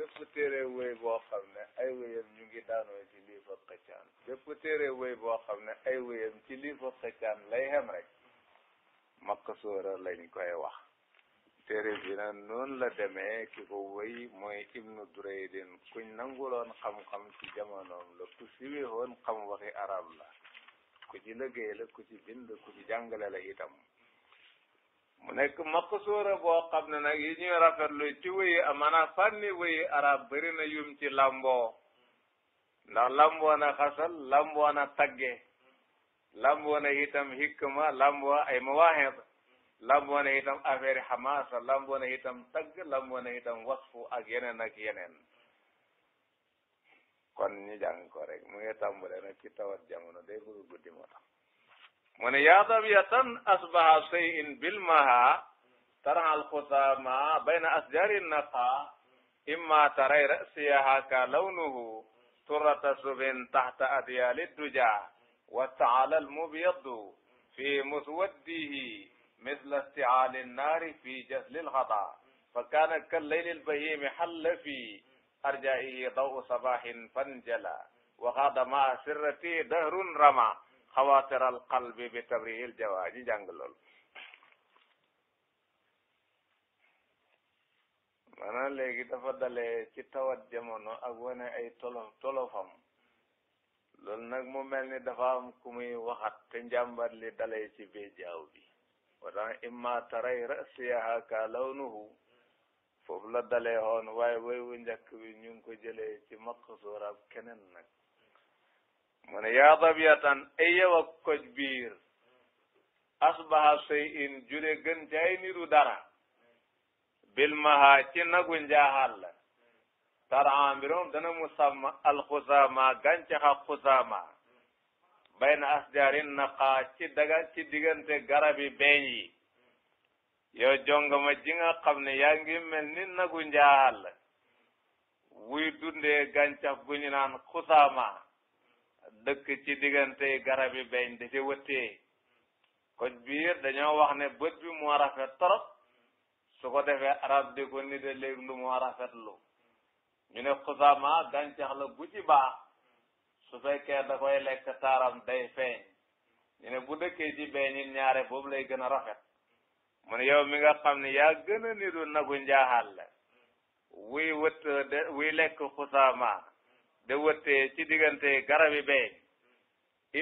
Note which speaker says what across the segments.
Speaker 1: bépp téere woy boo xam ne ay wéyam ñu ngi daanoo ci lii fa xëccaan bépp téere woy boo xam ne ay wéyam ci lii fa xëccaan lay xem rek maqsuura lañ koy wax téere bi nag noon la demee ki ko wéy mooy ibnu dureydin kuñ nanguloon xam-xam ci jamonoom la ku siwee woon xam waxi arab la ku ci liggéey la ku ci bind ku ci jàngale la itam mu nekk maqsuura boo xam ne nag yi ñuy rafetlu ci wéyi maanaam fànni wéyi arab bëri na yum ci lamboo ndax lamboo na xasal lamboo na tagge lamboo na itam hikma lamboo ay mawaaxib lamboo na itam affaire xamaasa lamboo na itam tagg lamboo na itam wasfu ak yeneen ak yeneen kon ñu jàng ko rek mu ngi tàmbale nag ci tawat jamono day bëgg guddi moo mu ne yaadabiyatan asbaha sayin bilmaha taral xusaama bayna asjari naqa imma taray rasiyaha ka lawnuhu turata subin taxta adyali duja wastaala almubyadu fi muswaddihi مثل استعال النار في جسل الخطا فكان كالليل البهيم حل في أرجائه ضوء صباح فانجلى وغاد مع سرتي دهر رمى xawaatiral qalbi bi tabrihil jawaa ji jàng lool maanaam léegi dafa dalee ci tawat jamono ak wane ay tolof tolofam loolu nag mu mel ni dafa am ku muy waxat te njàmbat li dalee ci bee jaaw bi watan imma taray rasiyaha ka lawnuhu foofu la dalee hoon waaye way wu njëkk bi ñu ngi ko jëlee ci maqsuur ab keneen nag mu ne yaa dabiyatan eyewa koj biir asbaha seyin jure gën ci ay niru dara bilmaha ci nagu njaaxal tara mbiroom dana musamma alxusaama gàncaxa xusaama bayna asjarin naqa ci daga ci diggante garabi beeñ yi yow jongama ji nga xam ne yaa ngi mel ni nagu njaaxal wuy dundee gàncax gu ñu naan xusaama dëkk ci diggante garab yi beñ da ca wëttee koj biir dañoo wax ne bët bi moo rafet torop su ko defee arab di ko ni de léegi lu moo rafetlu ñu ne xusama gàncax la bu ci baax su fekkee da koy lekk taaram day feeñ ñu ne bu dëkkee ci beñit ñaare boobu lay gën a rafet mu ne yow mi nga xam ne yaa gën a niru nagu njaaxal la wuy wëtt de wuy lekk xusama de wëttee ci diggante garabi beeñ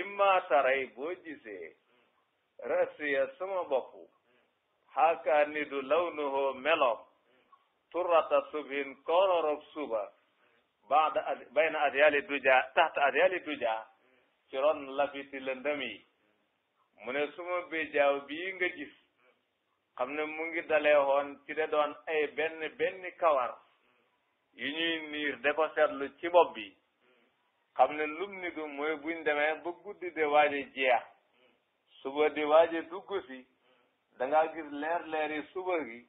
Speaker 1: imma taray boo gisee rasiya sama bopp xaaka ni du law nu hoo meloom turrata subhin koororoog suba baada ad bayna adyaali duja taxta adyaali duja ci ron labiti lëndëm yi mu ne suma béjaaw bii nga gis xam ne mu ngi dalee woon ci de doon ay benn benn kawar yu ñuy niir de ko seetlu ci bopp bi xam ne lum ni du mooy buñ demee ba guddi de waaj jeex suba di waaj a dugg si da ngaa gis leer leer yi suba gi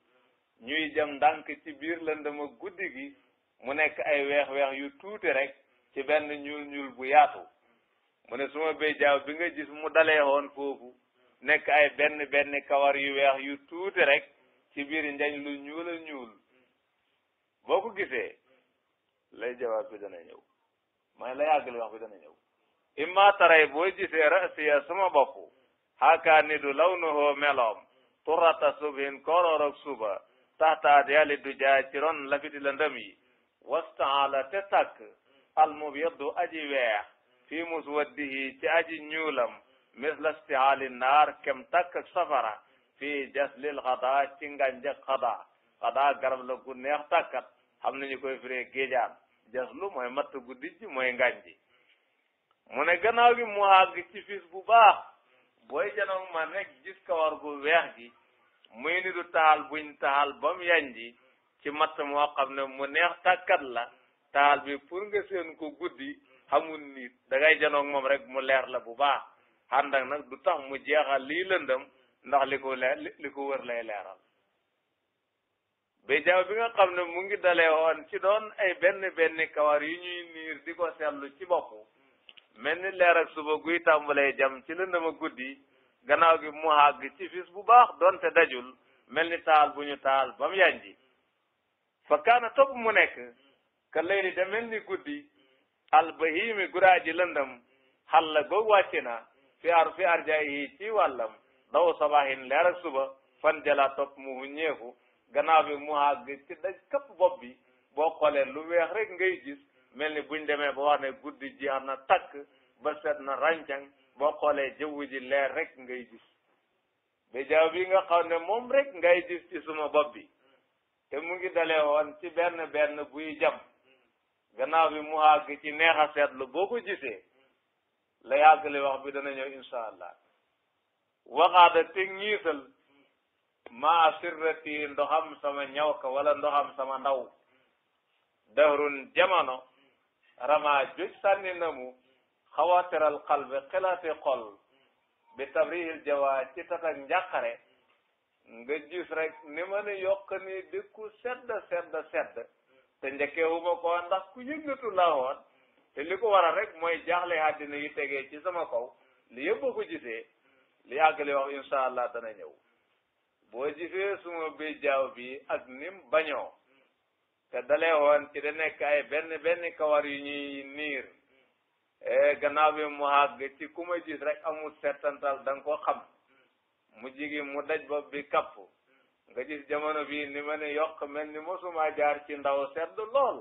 Speaker 1: ñuy jëm ndànk ci biir lëndëma guddi gi mu nekk ay weex weex yu tuuti rek ci benn ñuul ñuul bu yaatu mu ne suma bey jaaw bi nga gis mu dalee woon foofu nekk ay benn benn kawar yu weex yu tuuti rek ci biir njañ lu ñuul a ñuul boo ko gisee lay jawaab bi dana ñëw maa la yàggale wax bi dana ñëw imma taray boo gisee rasiya sama bopp xaakaa ni du law nuhoo meloom turata subhin koroor ak suba taxtaat yàlli du jaay ci ron lafiti la ndëm yi wastaala te takk almubyaddu aji weex fii muswaddihi ci aji ñuulam misla stiaali naar kem takk ak safara fii jaslil xadaa ci ngànjak xadaa xadaa garab la gu neex takkat xam nañu koy firee géejaan jaslu mooy matt gu dijj mooy ngànji mu ne gannaaw gi mu àgg ci fis bu baax booy janoog man rek gis kawar gu weex gi mu ni du taal buñ taal ba yanji ci matt moo xam ne mu neex tàkkat la taal bi pour nga seen ko guddi xamul nit dangay janoog moom rek mu leer la bu baax ànd nag du tax mu jeexal lii lëndëm ndax li ko leer li ko wër lay leeral bi jaaw bi nga ne mu ngi dalee woon ci doon ay benn benn kawar yu ñuy niir di ko seetlu ci bopp mel ni leer ak suba guy tàmbalee jam ci lëndama guddi gannaaw gi mu gi ci fis bu baax donte dajul mel ni taal bu ñu taal ba mu yànji fa kaana topp mu nekk ka leyli da mel ni guddi albahimi guraaji lëndam xalla goog wàcc na fi ar fi arjaa yi ci wàllam daw sabahin leer suba fan jala topp mu huññeeku gannaaw bi mu àgg ci daj këpp bopp bi boo xoolee lu weex rek ngay gis mel ni buñ demee ba wax ne guddi jeex na takk ba set na ràncang boo xoolee jëwu ji leer rek ngay gis béjaaw bi nga xaw ne moom rek ngay gis ci sama bopp bi te mu ngi dalee woon ci benn benn buy jam gannaaw bi mu àgg ci neex a seetlu boo ko gisee la yàgg li wax bi dana ñëw incha allah waxaada te ñiital maa sirrati ndoxam sama ñaw ka wala ndoxam sama ndaw dahrun jamono rama juj sànni na mu xawaatiral qalbi xilaati xol bi tabrihil jawaa ci tatak njàqare nga gis rek ni ma ne yokk ni dëkku sedd sedd sedd te njëkkewuma ko ndax ku yëngatu laa woon te li ko waral rek mooy jaaxle àddina yi tegee ci sama kaw li yëpp a ko gisee li àgg li wax insha allah dana ñëw boo jifee suma bi jaaw bi ak nim bañoo te dalee woon ci da nekk ay benn benn kawar yu ñuy niir e gannaaw bi mu àgg ci ku ma gis rek amul settantal da nga xam mu jigi mu daj bopp bi kapp nga gis jamono bi ni ma ne yokk mel ni mosuma jaar ci ndaw sedd lool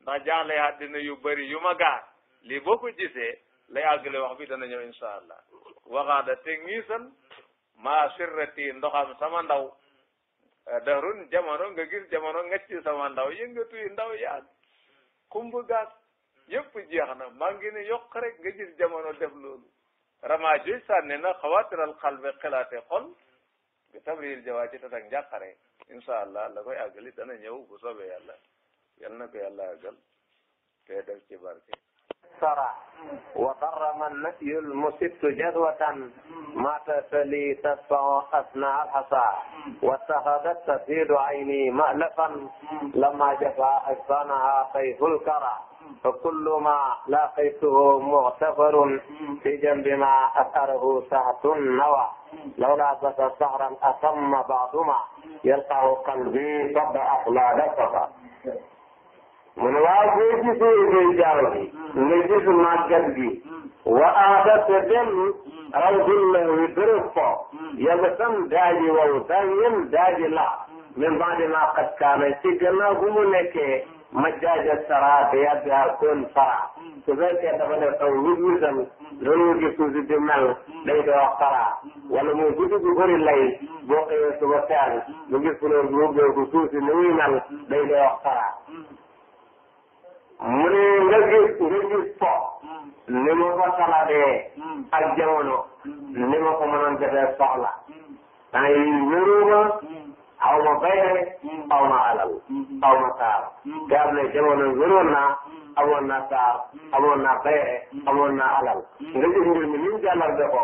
Speaker 1: ndax jaaxle àddina yu bari yu ma gaar lii boo ko gisee la àggale wax bi dana ñëw incha waxaada te ngiisan maa sirrati ndoxam sama ndaw eh, darun jamono nga gis jamono nga ci sama ndaw yëngatu yi ndaw yaag xumb gaas yëpp jeex na maa ngi ne yokk rek nga gis jamono def loolu ramaajo sànni na xawaatiral xalbe xelaate xol bi tabril jawaa tatak njàqare incha allah koy àggali dana ñëw bu soobee yàlla yal na ko yàlla àggal te def ci barke sara wa darra man nasyul musittu jadwatan mata tali tasfau asna alhasa wattahadat tasidu ayni mahlafan lama jafa ajfanaha kayful kara fa kullu ma laqaytuhu mu'tafarun fi jambi ma asarahu sahatun nawa lawla basa sahran asamma ba'duma yalqahu qalbi qabla ahlada safa
Speaker 2: mu ne waaw boo
Speaker 1: gisee ngay jaaw bi nga gis màggat gi wa aada te dem raw dul la wi dërëb fo yàlla tam daaji wow tan yem daaji la min baadi ma qad kaana ci gannaaw bu mu nekkee ma a sara te yadda koon fara su fekkee dafa def aw wut wutam loolu gis suuf si di mel day doo wax sara wala mu guddi gu bëri lay boo xëyee suba teel mu gis couleur bu ubbeeku suuf si ni muy mel day doo wax sara mu ne nga gis nga gis po hmm. ni ma ko salatee hmm. ak jamono hmm. ni ma ko mënoon defee soxla temps yi wóoruma aw ma bayre aw ma alal aw ma taar te am na jamono wóoroon naa amoon naa taar amoon naa bayre amoon alal nga gis mbir mi ni mu jàllar de ko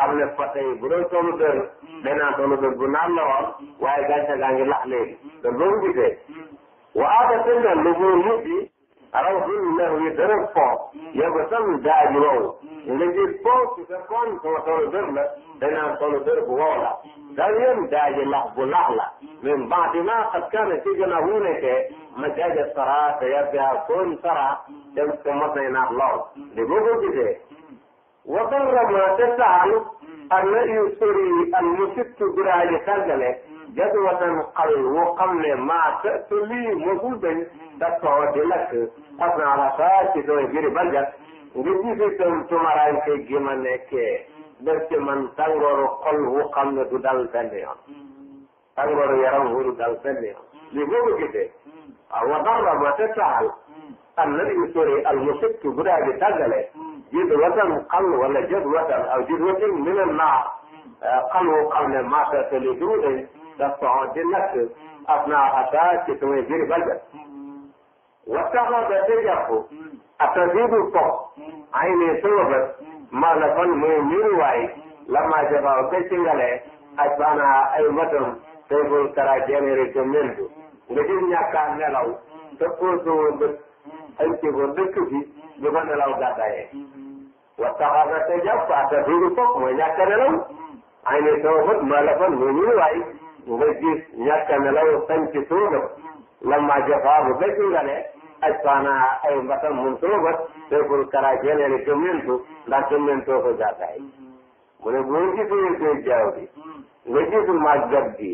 Speaker 1: xam ne fa tey bu doon toolu dër danaa toolu dër bu naan la woon waaye gàncax gaa ngi lax léegi te mu nit rawatina dana fo. yow ba tam daaj wow. léegi fo su fekkoon sama toolu dër la danaa toolu dër bu la. daal yéen daaj lax bu lax maa xam kaana ci gannaaw wu nekkee ma jaajëf saraa te yaa yaa foon saraa dem te mos nay naax lool. li boo ko gisee. wa barra ma te saal. am na yu sori al musittu biraaji tàggale. jadwatan xal wu xam ne maa te te mosul dañ hmm. dafa di lakk xas hmm. naa la saa ci sama jëri barjat hmm. nga gis itam tumaranke gi ma nekkee def ci man tàngooru xol wu xam ne du dal benn yoon tàngooru yaram wu du dal benn yoon lii boo ko gisee waaw wa darba ma te taal am na yu sori al musikki bu daa di tàggale jadwatan xal wala jadwatan aw jadwatan min an naar xal wu xam ne maa te te lii du dañ كالصعودية أثناء أساس تسوي جير بلد وتغض تجاه أتزيد فوق عيني صوبت ما لفن ميمير واي لما جباو تشنغلي أتبانا أي مطم تيبول كراجيني ريكمندو لكن يكا نلو تقوزو بس أنت بردك في جبان نلو دادايه وتغض تجاه أتزيد فوق ويجاك نلو عيني صوبت ما لفن ميمير واي nga gis ñàkk a nelaw sañ ci suuna lamma jafaa bu gëj nga ne aj faana ay mbatam mun soobat te pour karaaje nee ne gëmmentu ndax gëmmentoo ko jàkkaay mu ne boo gisee géej jaaw bi nga gis màggat bi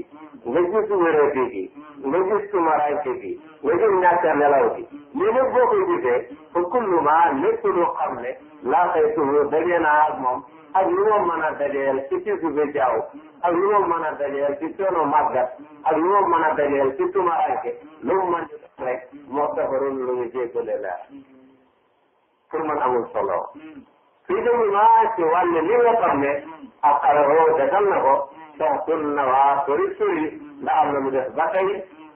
Speaker 1: nga gis wérati bi nga gis tumaraanke bi nga gis ñàkk a nelaw bi lii lépp boo ko gisee fa kullu ma lépp lu xam ne laa xaytuhu daje naa ak moom ak lu ma mën a dajeel ci tiisu bi ak lu ma mën a dajeel ci coono màggat ak lu ma mën a dajeel ci tuma anke lu mu mën di def rek moo safarul lu ñu jéggale la pour man amul solo fii tamit maa ci wàllu li nga xam ne ak xararoo defal na ko sax tun na waa sori sori ndax am na mu def ba tey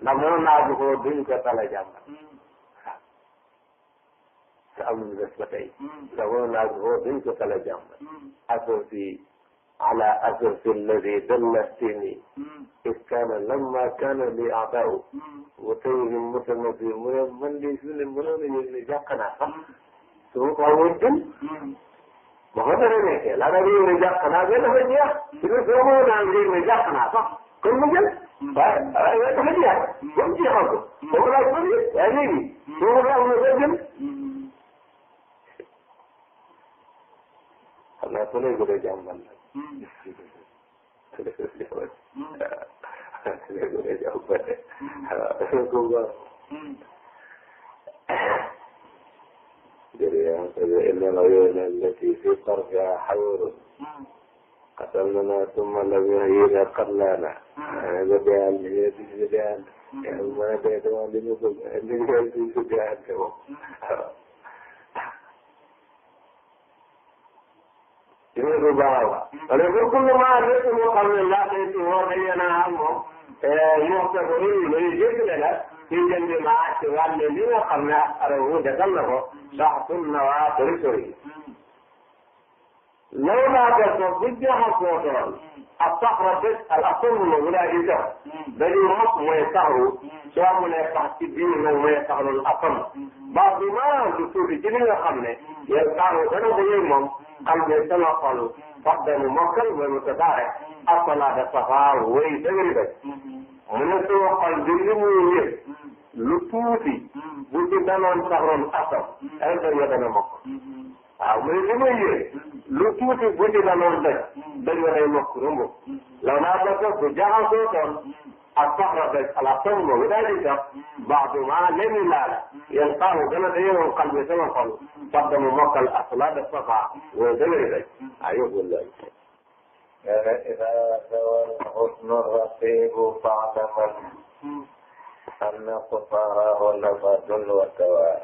Speaker 1: ndax mënoon naa ko duñ ko tala jàmbat te amuñu bés ba tey saxoon hmm. naa ko foofu dañ ko tala jàmm hmm. asoosi ala asoosi alladi dalla sini is li aataahu hmm. wa tawni mutamasi man de su ne mënoon a yëg ne jàq naa sax su ma ko amoon a yëg ne jàq naa sax kon mu jël waaye dafa
Speaker 2: jeex ba
Speaker 1: xam naa su lay gën a jàmbal إنما العيون التي في طرفها حور قتلنا ثم لم يهينا قتلانا بديان ليدي بديان يعني ما بديان لنقول لنقول بديان lu baax la. parce que pour le moment lépp loo xam ne laata it moom dañu ne ah moom moo ko ko lu ñu jëkkale la ci jënd maa ci wàll li nga xam ne arawu defal na ko sax pour na waa sori sori. loolu laa def ko bu jaxasoo doon ak saxra bés al asamu a wala di def dañuy mos mooy saxru soo amulee sax ci biir nag mooy saxrul asam baax bi maanaam du tuuti ci li nga xam ne yéen saxru dana ko yëg moom xam ne sama xol wax dana mokkal ba mu ko daare asalaada safaar way dëgëri dëgg mu ne sama xol di li muy yëg lu tuuti bu ci danoon saxrul asam ay dana dana mokk waaw mu ne li may yëg lu tuuti bu ci daloon daj dañu lay mokk rëmb la naa ba toog bu jaxasoo toon ak soxla daj ala toog boobu daal di def baax du maa lenn laal yan xaaru gën a dayewoon xal bi sama xol sax dama mokkal asla de safa wala da ngay daj ah yóbbul la. إذا زوى الحسن الرقيب بعد من أن قصاره لبد وتوى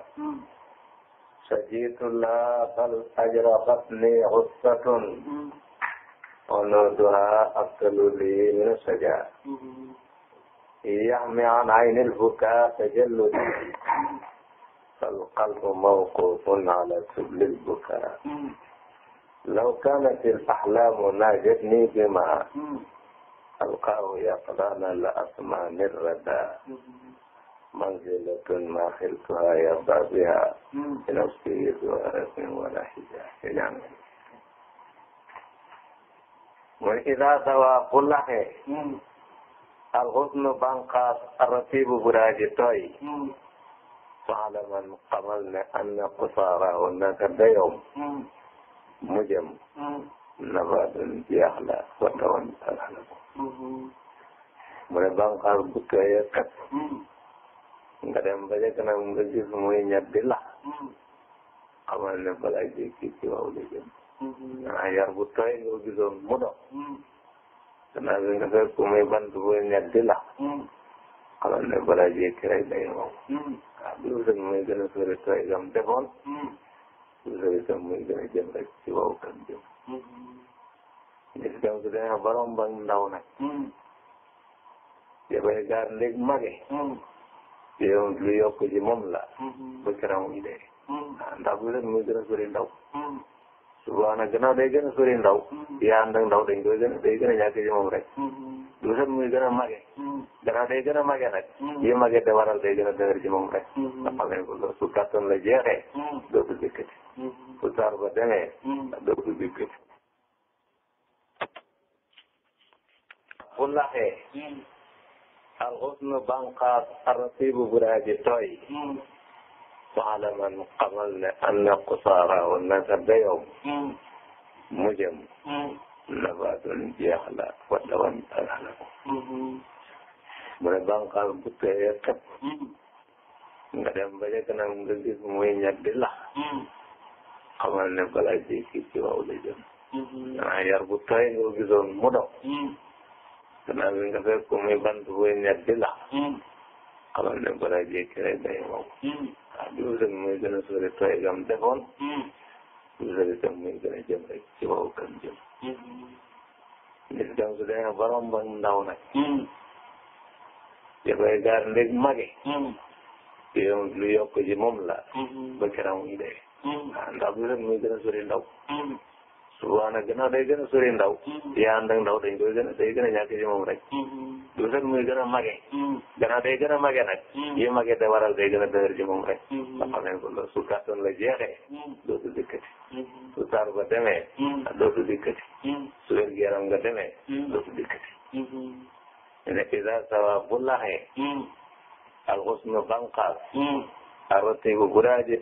Speaker 1: sajiitu laa bal ajrabatni gussatun onuduhaa abtalu lii min sajaa yaxmi an ayni lbukaa tajalludi falqalbu mawquufun ala subli lbukaa law kaanat alaxlaamu naajatni bimaa alqaahu yaqdaana la asmaani radaa manzilatun ma xiltuha yarda biha
Speaker 2: li nafsihi duwa
Speaker 1: rasmin wala hijab mooy ida dawa bu laxee alxusnu banqaas arratibu buraaji tooy faalaman xamal ne anna kusaarahu naka dayoom mujëm nabaatun jeex la wa tawan alxalaku mu ne banqaas bu tooyee nga dem ba ca kanam nga gis muy ñett di la xamal ne balaa jékki ci waaw la jëm danaa yar bu tooy nga gisoon mu bi nga fekk muy bant muy ñett di la xamal ne balaa jékki rek day wow waaw bi wusag muy gën a sori tooy gam defoon bi wusag itam muy gën a jëm rek ci waaw kan jëm nit itam su demee borom ba ndaw nag ya bay hmm. gaar yow lu yokk ci moom la. Mm-hmm. ba keroog mu dee. Mm-hmm. Ah, ndax bu leen muy gën a sori ndaw. Mm-hmm. suba nag gannaaw day gën a sori ndaw. yaa ànd ak dañ koy gën a day gën a ñàkk ci moom rek. lu leen muy gën a mage. gannaaw day gën a mage nag. yi mage de waral day gën a rek. dafa leen ko su kattan la jeexee. dootul dikkati. ba demee. dootul dikkati. bu laxee. alxusnu banqaas arasibu buraaji tooy faalaman xamal ne anna kusaara wa naka dayow mujëm nabaatun jeex la wa dawan tarala ko mu ne banqaas bu tooyee xëpp nga dem ba ca kanam nga gis muy ñag di lax xamal ne bala jékki ci waw la jëm
Speaker 2: mm-hmm. danaa
Speaker 1: yar bu tooy nga gisoon mu dox mm-hmm. gannaaw bi nga fekk ko muy bu ñett la. xamal ne balaa jékki rek day wow. ah bi wusal muy gën a sori tooy gam defoon. bi wusal itam muy gën a jëm rek ci wow kam jëm. nit itam su demee borom ba ndaw nag. dafay gaar ndeg mage. yow lu yokk ji moom la. ba keroog muy dee. ah ndax bi wusal muy gën a sori su boobaa nag gannaaw day gën a sori ndaw yaa ànd ak ndaw a day gën a ñàkk ci rek du fekk muy gën a mage day gën a mage nag yi mage te waral day gën a dëgër rek nga xam ne ko loolu su kàttan la jeexee dootu dikkati su taar ba demee dootu dikkati su wér gu nga demee dootu dikkati ne isa sawa bu laxee alxusnu banqaas aratibu bu daaji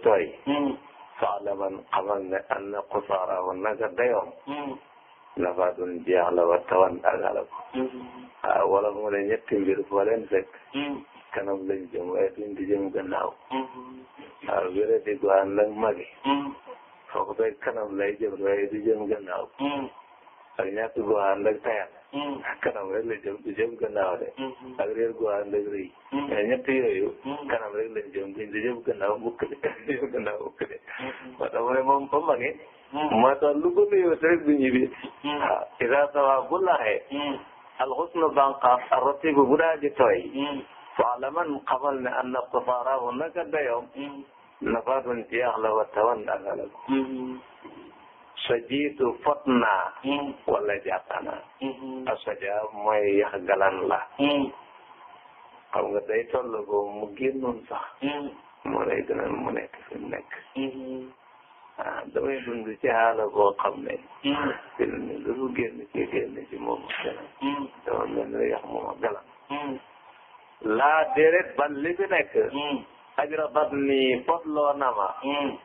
Speaker 1: faalaman xamal ne an na xusaarahu naka dayoom nafaatun hmm. jeex la wa tawan agala ko
Speaker 2: waaw hmm.
Speaker 1: ah, wala mu ne ñetti mbir foo leen fekk hmm. kanam lañ jëm waaye duñ di jëm gannaaw waaw ah, wéra di gu ànd ak magi foo ko fekk kanam lay jëm waaye du jëm gannaaw ak ñàkk gu ànd ak tayal kanam rek la jëm du jëm gannaaw de. ak réer gu ànd ak rëy. mais ñett yooyu. kanam rek lañ jëm duñ du jëm gannaaw mukk de du jëm gannaaw mukk de. moo tax mu ne moom ba mage. moo tax lu ko nuyoo te rek du ñibbi. ah isa sawa bu laaxee. alxusnu banqaaf arratibu bu daa ji tooy. faalaman xamal ko sajiitu fot naa hmm. wala jàppana hmm. asaja mooy yax galan la hmm. xam nga day toll ko mu génnoon sax moo lay gënal mu nekk fi mu nekk ah damay dund ci xaala boo xam ne fi mu ne lu génn ci génn ci moom gënal dama mel ne yax mooma galan laa déret ban li fi nekk xajara badni fotloo nama.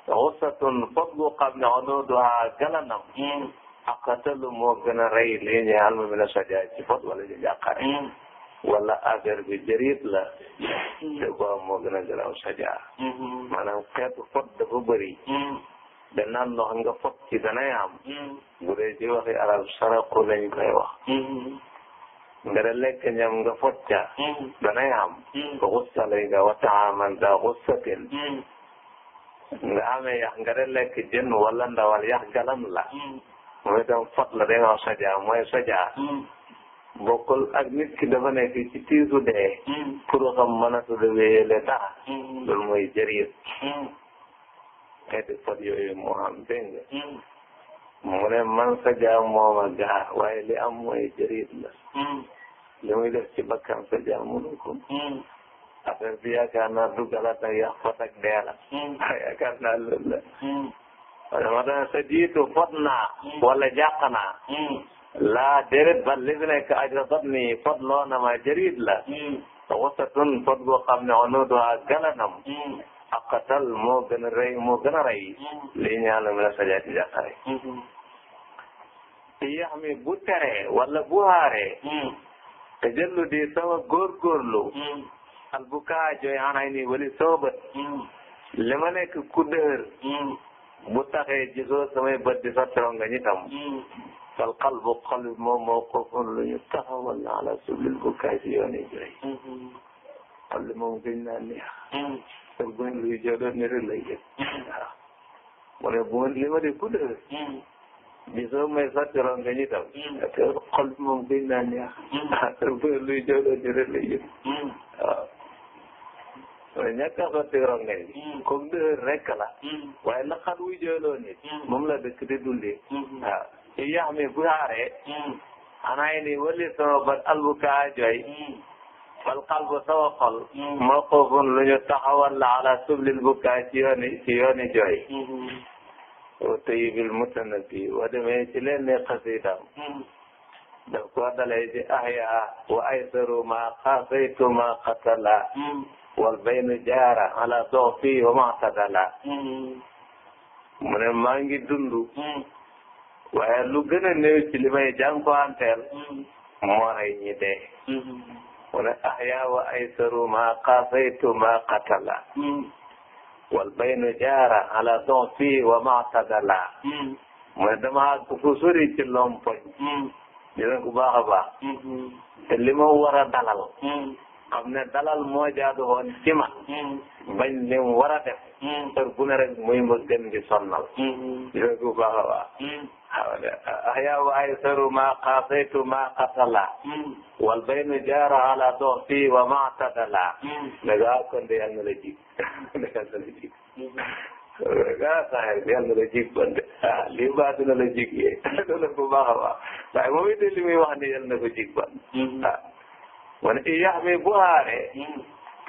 Speaker 1: xusatun mm. fot gu xam ne ododuha galanam. Mm. aqatalu moo gën a rey lii ñu alma mi la sojaa ci fot wala ci jàqare. Mm. wala affaire bi jëriit la. te quoi moo gën a gëlaw sojaa. Mm-hmm. maanaam xeetu fot dafa bëri. danaan ndox nga fot ci dana yaam. bu dee ci waxi arab saraku lañ koy wax. Mm-hmm. nga da lekk ñam nga fot ca mm. danay am xussa mm. lay nga wa taaman da xussatin mm. nga amee yax nga da lekk jën wala ndawal yax galam la mooy itam fot la dañoo soja mooy soja bokkul ak nit ki dafa nekk ci tiisu dee pour xam mën a tudde wéyale dara loolu mooy jëriñ xeeti fot yooyu moo am dégg mu ne man sa jaam moo ma gaa waaye li am mooy jëriñ la. Hmm. li muy def ci bakkan sa jaam mënu ko. Hmm. affaire bi yaakaar naa du ak yàq fot ak dee la. Hmm. yaakaar naa loolu la. parce que ma doon sa jiitu fot naa. wala jàq naa. laa déedéet ba li fi nekk ajra fot loo na ma jëriñ la. te wasatun fot boo xam ne onoo doo ak galanam. aqatal moo gën a rey moo gën a rey mm-hmm. li ñaan la mina sajaati jàqare mm-hmm. yax mi wala bu haaree mm-hmm. te jëllu di sama góorgóorlu al bu kaa jooy anay wali sama bët li nekk ku dëhër bu taxee gisoo samay bët di sa teronga ñi tam fal qalbu xol bi moom moo ko lu ñu taxawal na ala sublil bu kaay si yoon jooy xol li moom gëj naa neex. te buñ luy ni rek lay jël. waaw mu ne ma di guddee. gisoo may fàtte ron nga ñu tam. parce que xol bi moom gëj naa neex. te ni rek lay jël. waaw. waaye ñàkk a fàtte ron nga ñu. comme dëgër rek la. waaye naqar wuy jodoon nit. ni wali sama bat albukaa jooy. wal qalbu sama xol. mawqufun lu ñu la ala sublil bukaa ci yooni ci yooni jooy. wa tayibil mutanabbi wa demee ci leen ne xasiidam. ci ahyaa wa aysaru ma xaasaytu ma xatala. wal baynu jaara ala doxfi wa ma xatala. mu ne maa ngi dund. waaye lu gën a néew ci li may jànkuwanteel. moo rey ñi wala ahya wa aysaru ma qaasaytu ma qatala hmm. wal baynu jaara ala don fii wa ma tadala mooy hmm. dama ku sori ci lompoñ dinañ hmm. ko baax a baax te li ma war a dalal xam ne dalal moo jaadu woon ci man bañ li mu war a heure hmm. bu ne rek muy di sonnal. Hmm. yooyu bu baax a baax. Hmm. ah yaa wa aysaru ma qaasaytu ma wal baynu jaara ala doxti wa ma tadala. mais kon de yàlla na la ji yàlla na la ji. ah saa yàlla na la ji kon de ah lii baax dina la ji yee loolu bu baax a baax waaye moom it li muy wax ni yàlla na ko ji man i mi bu aaree.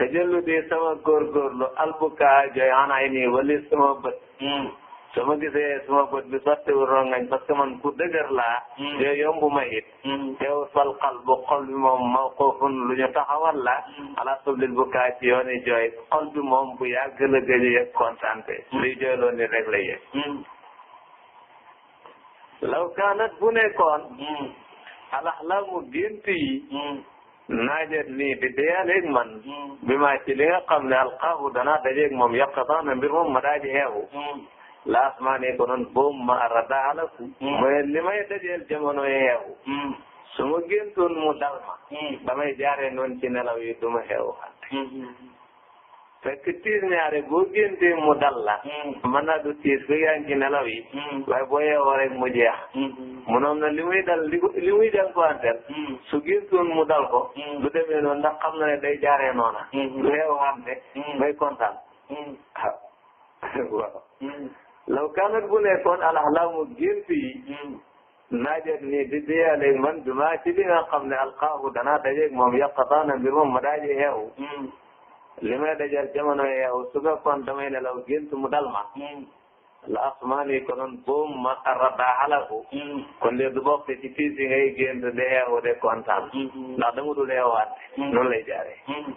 Speaker 1: tajallu di sama góorgóorlu albukaa jooy an ay nii walis sama bët su ma gisee sama bët bi sottiwul rongañ parce que man ku dëgër laa yooyu yombu ma it teew fal qalbu xol bi moom mawqufun lu ñu taxawal la ala sublil bukaa ci yooni jooy xol bi moom bu yàgg la gëj a yëg kontaante luy jooyloo ni rek la yëg law kaanat bu nekkoon alaxlaamu gént yi naajat nii di deyaaleeg man hmm. bi maa ci li nga xam ne alqaahu danaa dajeeg moom yaqataana mbir moom ma daaji xeewu hmm. laas maa ne ko noon boobu ma ara daalaku mooy hmm. li may dajeel jamono xeewu su ma géntoon mu dal ma damay jaaree noon ci nelaw yi du ma xeewu xante fekk tiis ñaare boo géntee mu dal la ma mm. naa du tiis ba yaa ngi ci nelaw yi mm. waaye boo yeewoo rek mu jeex mm. mu noom na li muy dal li muy jànkuwanteel su géntoon mu dal ko lu demee noonu ndax xam na ne day jaaree noona lu yeewaat de bay kontaan waaw law kaanat bu nekkoon alaxlaamu gént yi naajat nii di diyaale man bi maa ci li nga xam ne alqaahu danaa dajeeg moom yaqataana mbir moom ma daaji xeewu li may dajal jamono yow su fekkoon damay nelaw gént mu dal ma mm. la asmaani konoon boom ma arada halaku mm. kon de du bokk ci tiis yi ngay gént de yeewu de kontaan mm-hmm. ndax dama dul yeewaat mm-hmm. noonu lay jaaree mm-hmm.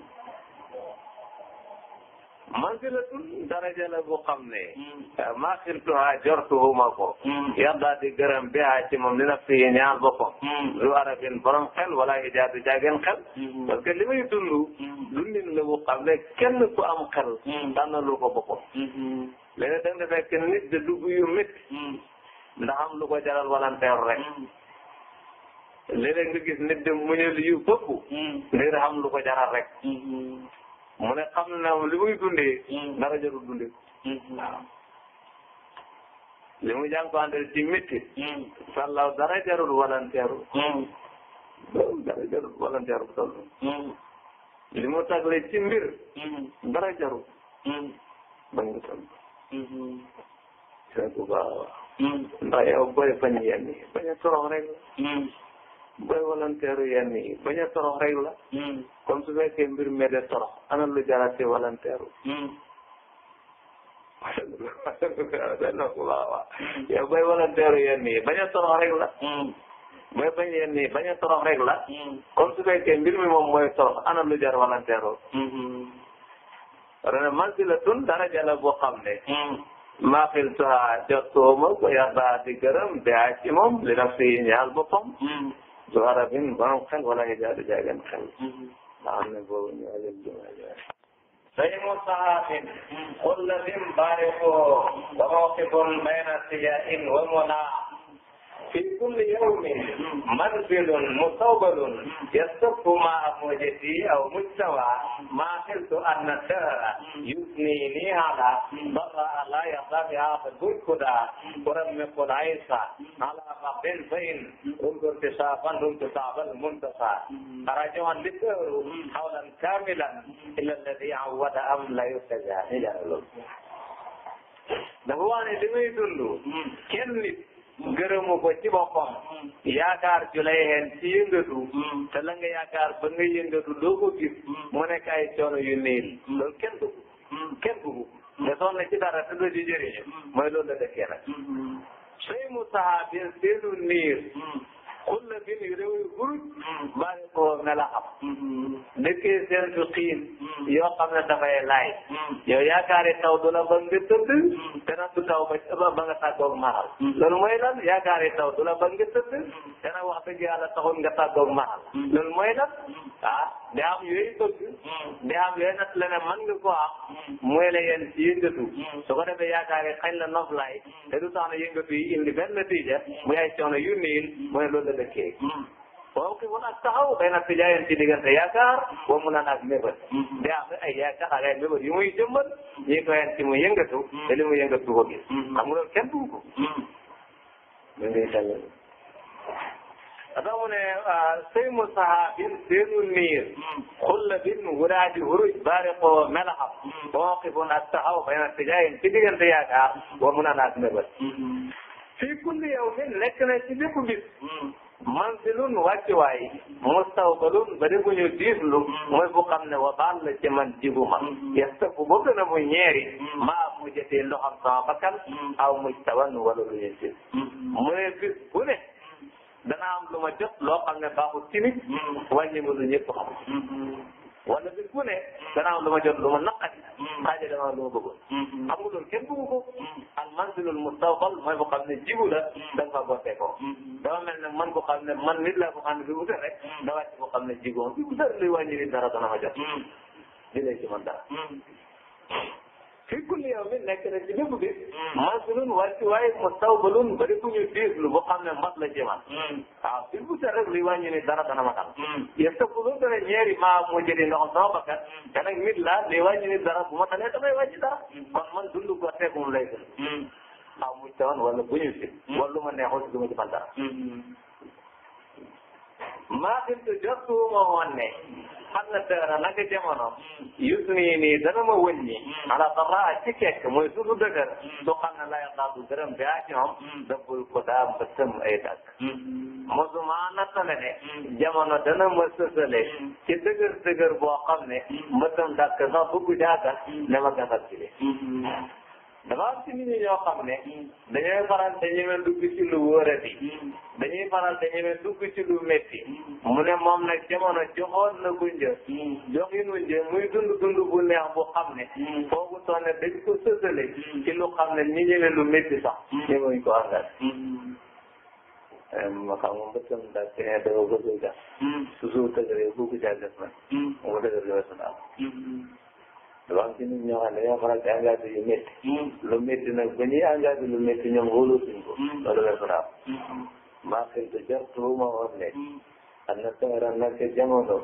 Speaker 1: manzilatun daraja la bu xam ne. Hmm. Euh, maa xiltuha jortuhuma ko. Hmm. yàlla di gërëm bi ha ci moom ni na fi ñaar boppam. Hmm. lu arabin borom xel wala hijaar di jaageen xel. parce que li muy dund. dundin la bu xam ne kenn ku am xel. daan na lu ko boppam. léegi da nga fekk nit yu métti. ndax am lu ko jaral walanteer rek. léeg-léeg nga gis nit de muñal yu bëpp. ngir am lu ko jaral rek. mu ne xam na li muy hmm. dara jarul dundee. Hmm. waaw. li mu jànkuwanteel ci métti. Hmm. sàllaw dara dara jarul walanteeru toll. li mu tagle ci mbir. dara jarul. bañ nga toll. c'est tout à fait. ndax yow booy bañ a yem bañ booy volontaire yenn yi bañ a torox rek la. comme mbir mi de ana lu jarate volontaire. Hmm. yow booy volontaire yenn yi bañ a torox rek la. Hmm. booy bañ yenn yi bañ a torox rek hmm. mbir mi moom mooy torox ana lu jar volontaire. ren manzilatun daraja la boo xam ne. maa xiltuha jottuma ko yardaa di gërëm daa ci moom li nafsi ñaal boppam. Zuhara bin ba am xel wala yaa du jaagan xel. maa mm-hmm. am ne boobu ñu alal jumaa ji. Sëñ Moussa Afin. xul la lim baari ko. ba mawqifun bayna siyaain wa munaa fi kulli yawmin manzilun mustaqbalun yastasqu ma'a mawjati aw mujtawa ma xiltu anna dara yusnini ala baba ala yaqabi hada gurkuda uramiqu al-aysa ala babin bain rumtu irtisaban rumtu saban muntasa rajawan lidahru hawlan kamilan illa alladi awwada am la yustaja dafa wax ne li may dund kenn nit gërëmu ko ci boppam yaakaar ju lay heen ci yëngatu te la nga yaakaar ba nga yëngatu doo ko gis mu nekk ay coono yu néew loolu kenn du kenn du nga sonn da dara te doo ci jëriñu mooy loolu la dëkkee xulla bi ni réew guruj ko melaxam nekkee seen su xiin yoo xam ne dafay laay yow yaakaari taw du la ba nga tëdd dana du taw ba ba nga tàggoog maxal loolu mooy lan yaakaari taw du la ba nga tëdd dana wax dëgg yàlla taxul nga tàggoog maxal loolu lan ah day am yooyu bëgg. Hmm. day am yooyu nag la ne mën nga ko am. Hmm. mooy la yéen ci yëngatu. Hmm. su ko defee yaakaar ne xañ la noflaay. te du tax na yëngatu yi indi benn natiija. muy ay coono yu niil mooy loolu la dëkkee. waaw kii mun ak taxaw xëy na tijaayan ci diggante yaakaar boo mun naan ak mébét. day am ay yaakaar ak ay yu muy jëmbat. ñuy ko yéen ci mu yëngatu. te li mu yëngatu ko gis. xam nga loolu kenn du ko. dafa mu ne sëy mu saxaabin seenu niir xullabin wuraadi huruj baariqoo melaxam waqifun ak taxaw bayna tijaayin ci diggante yaakaar wa mun a naat nëbët fii kulli yawmin nekk na ci bépp bis manzilun wàccuwaay mustawbalun ba dégg ñu diislu mooy bu xam ne wa baal la ci man jigu ma yastaf boobu na mu ñeeri maa mu jëtee loxam sama bakkan aw mujtawan wala lu ñu gis mu ne bis danaa am lu ma jot loo xam ne baaxul ci nit. wàññi ma lu ñëpp xam. wala bis bu ne. danaa am lu ma jot lu ma naqari. xaaja dama am lu ma bëggoon. xam nga loolu kenn bëggu ko. al manzilul mustaqbal mooy bu xam ne jiwu la. da nga faa ko. dama mel ne man bu xam ne man nit laa ko xam ne bi wute rek. da wàcc bu xam ne jigoon bi wute luy wàññi nit dara dana ma jot. jëlee mm. ci man dara. fi kulli yawmin nekk na ci bépp bés. Hmm. masulun wàccuwaay mustaqbalun bari ku ñu diislu boo xam ne mat la ci a hmm. waaw fi mu rek li wàññi ni dara dana ma dal. Hmm. yéen sa kuréel dana ñeeri maa moo jëli ndox sama bakkat. te nag nit li wàññi ni dara bu ma tane damay wàññi dara. kon man dundu ko teekum lay gën. waaw muy tawan wala bu ñu si. wala lu ma neexoon si du ma ci man dara. maa xintu jottu ma woon ne xam na dara naka jamono yus nii nii dana ma wëññi ala dara ci kekk mooy suufu dëgër du xam ne lay xaatu gërëm bi ci moom dëbbul ko daa ba tëm ay dàkk mosuma nattale ne jamono dana ma sësale ci dëgër dëgër boo xam ne ma tëm dàkk sax bëgg jaagal ne ma gasal ci dafa am ci nit ñi xam ne dañuy faral te ñemee dugg ci lu wóorati dañuy faral te ñemee dugg mu ne moom nag jamono joxoon na ko një joxinu një muy dund dund bu neex bu xam ne foogu toon ne dañ ko sësale ci lu xam ne ñi ñemee lu métti sax ñemewuñ ko àngal ma xam nga bëtam daal ci ne dafa bëgg a jàpp su suuf tëgëree bëgg caa def nag mu dëgër yooyu
Speaker 2: su
Speaker 1: wax ci nit ñoo xam ne dañoo faral di engagé yu métti. lu métti nag ba ñuy engagé lu métti ñoom wóolootuñ ko.
Speaker 2: Hmm. loolu la ko naaw. Hmm.
Speaker 1: maa xëy na jartu ma ne. Hmm. am na solo am na ca jamono.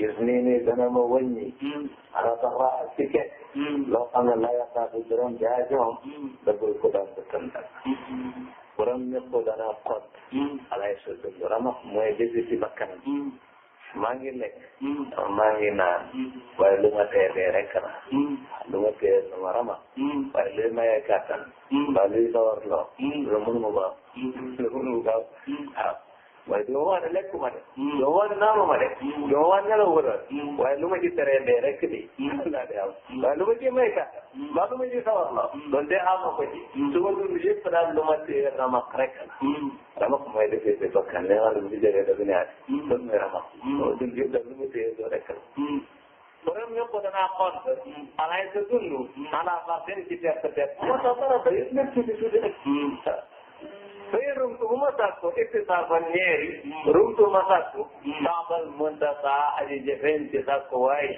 Speaker 1: yëf nii nii dana ma ne laa yaakaar juróom jaa joom. dëggul ko daan ko tëndal. borom ñëpp ko dana xott. alaay sa dëgg ramax mooy maa ngi lekk. Hmm. Ah, maa ngi naa hmm. waaye lu ma tee dee rek na. Hmm. Ah, lu ma tee lu ma rama. waaye luy maye kàttan. mbaa luy sawar loo. lu mënu ma baax. lu mënu ma waaye duma wax ne lekkuma de duma wax ne naanuma de duma wax ne nelawuma de waaye lu ma ci teree ndee de laa de am waaye lu ma ci may kàttan mbaa lu ma la doon de ama ko ci su ma dund yëpp daal lu ma téye ramak rek la ramak mooy defee si bakkan ne wala lu jógee dafa ñaari loolu mooy ramak dund yëpp daal lu ma téye doo rek la borom ñu ko danaa xool alaay sa dund ala ba benn ci terte terte moo tax dara day nekk tuuti tuuti rek fëy rumtu bu ma sàkku ittisaafan ñeeri rumtu ma sàkku saabal mënta saa aji jëfeen ci sàkku waaye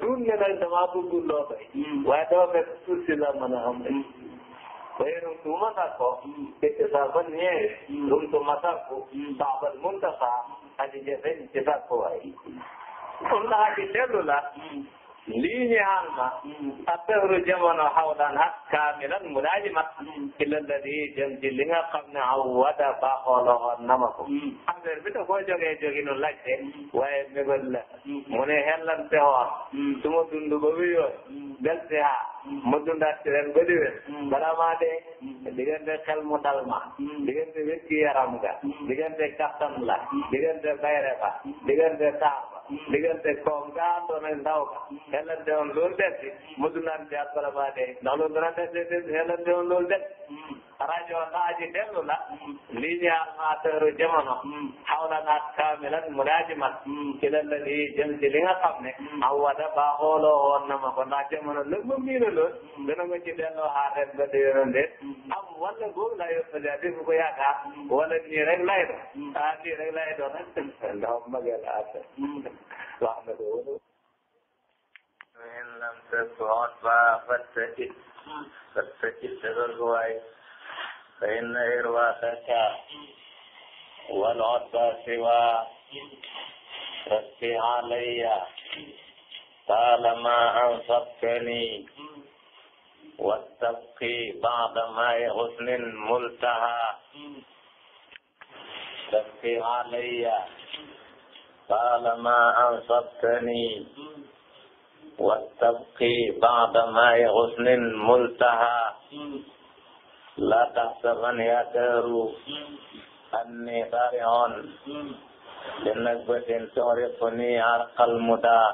Speaker 1: duun ne nag damaa bëgg loo koy waaye dama fekk suuf si la mën a xam rek fëy rumtu bu ma sàkku ittisaafan ñeeri rumtu ma sàkku saabal mënta saa aji jëfeen ci sàkku waaye. lii ñu xaal ma addahru jamono xawlan hat kaamilan mu daaji mat illa alladi jëm ci li nga xam ne awwada baaxoo loxoon na ma ko affaire bi da koo jógee jógi nu laajte waaye mébal la mu ne xellante xoor su ma dund ba wiyoo del si haa ma dundaat ci ren ba déwén bala maa dee diggante xel mu dal ma diggante wér ci yaram ga diggante kattan la diggante bayre ba diggante koom nga àndoon ak ndaw ka xelante woon loolu des ci mu du naan jaar bala maa dee ndax loolu dana des des xelante woon loolu des rajo naa ji dellu la mm, lii ñaar maa tëru jamono xawla mm, naat kaamilan mulaajiman mm, ila la lii jëm ci li nga xam ne aw wada baaxooloo woon ma ko ndax jamono la ma miiraloon ci delloo xaaret ba di yoon de am wala góob laa yor fa di ko yaakaar wala nii rek lay doon ah nii rek la atte wax na ko in lam ba fatta it fatta it dagal ko فإن إرواثك والعتبى سوى ربي علي طالما أنصبتني والتبقي بعد ماء غصن ملتهى تبقي علي طالما أنصبتني والتبقي بعد ماء غصن ملتهى laa taxsaban yaa taaru anni baari'un li nakbatin tu'riquni arqal mudaa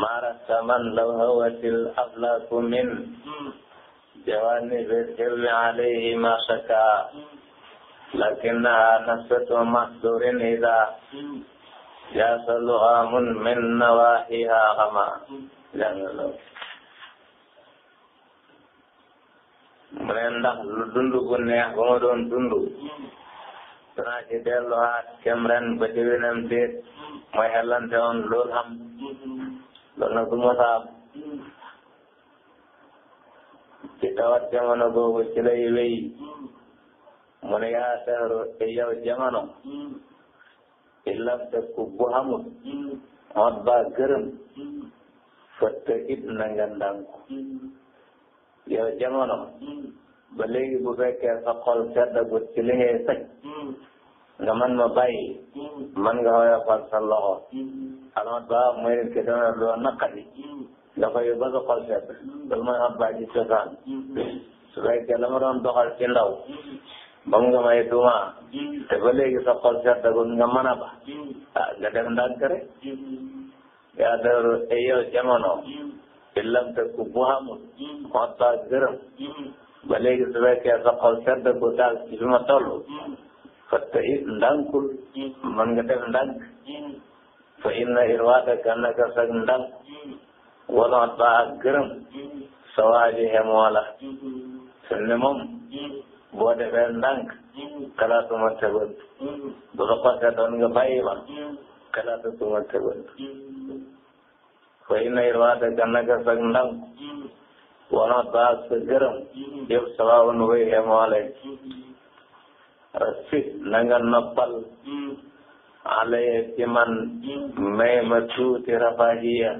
Speaker 1: maara saman law hawatil aflaaku min jawaanib al-jawwi alayhi ma shakaa lakinnahaa nafsatu mahdurin idaa jaa saluhaamun min nawaahihaa ghamaa mu ne ndax lu dund gu neex ba ma doon dund danaa ci delluwaat kem ren ba déwénam déet mooy xelante woon loolu am loolu nag du ma saab ci tawat jamono ci lay wéy mu ne yaa sahru te yow jamono illam te ku bu xamul mot gërëm fëtt it na nga ndànku yow ba léegi bu fekkee sa xol seddagut ci li ngay nga man ma bàyyi man nga woyofal sa loxo alamat ba mooy nit ki dana loo naqari nga fay ba sa xol sedd loolu mooy am baa ji cosaan su fekkee la ma doon doxal ci ndaw bam nga may duma te ba léegi sa xol seddagut nga mën a ba ah nga def ndànk rek yaa daru e eh, yow jamono illam te ku bu xamul ba léegi su fekkee sa xol sedd ko daal ci fi ma toll fa te it ndànkul mën nga def ndànk fa inna irwaadaka naka sag ndànk waloon ba ak gërëm sa waa ji xemoo la su ne moom boo defee ndànk kalaatuma tëbën bu sa xol seddoon nga bàyyi ma kalaatuma tëbën fa inna irwaadaka naka sag ndànk wala baag sa gërëm yëpp sababun way xemoole rasif na nga noppal alaye ci man may ma tuuti rafahiya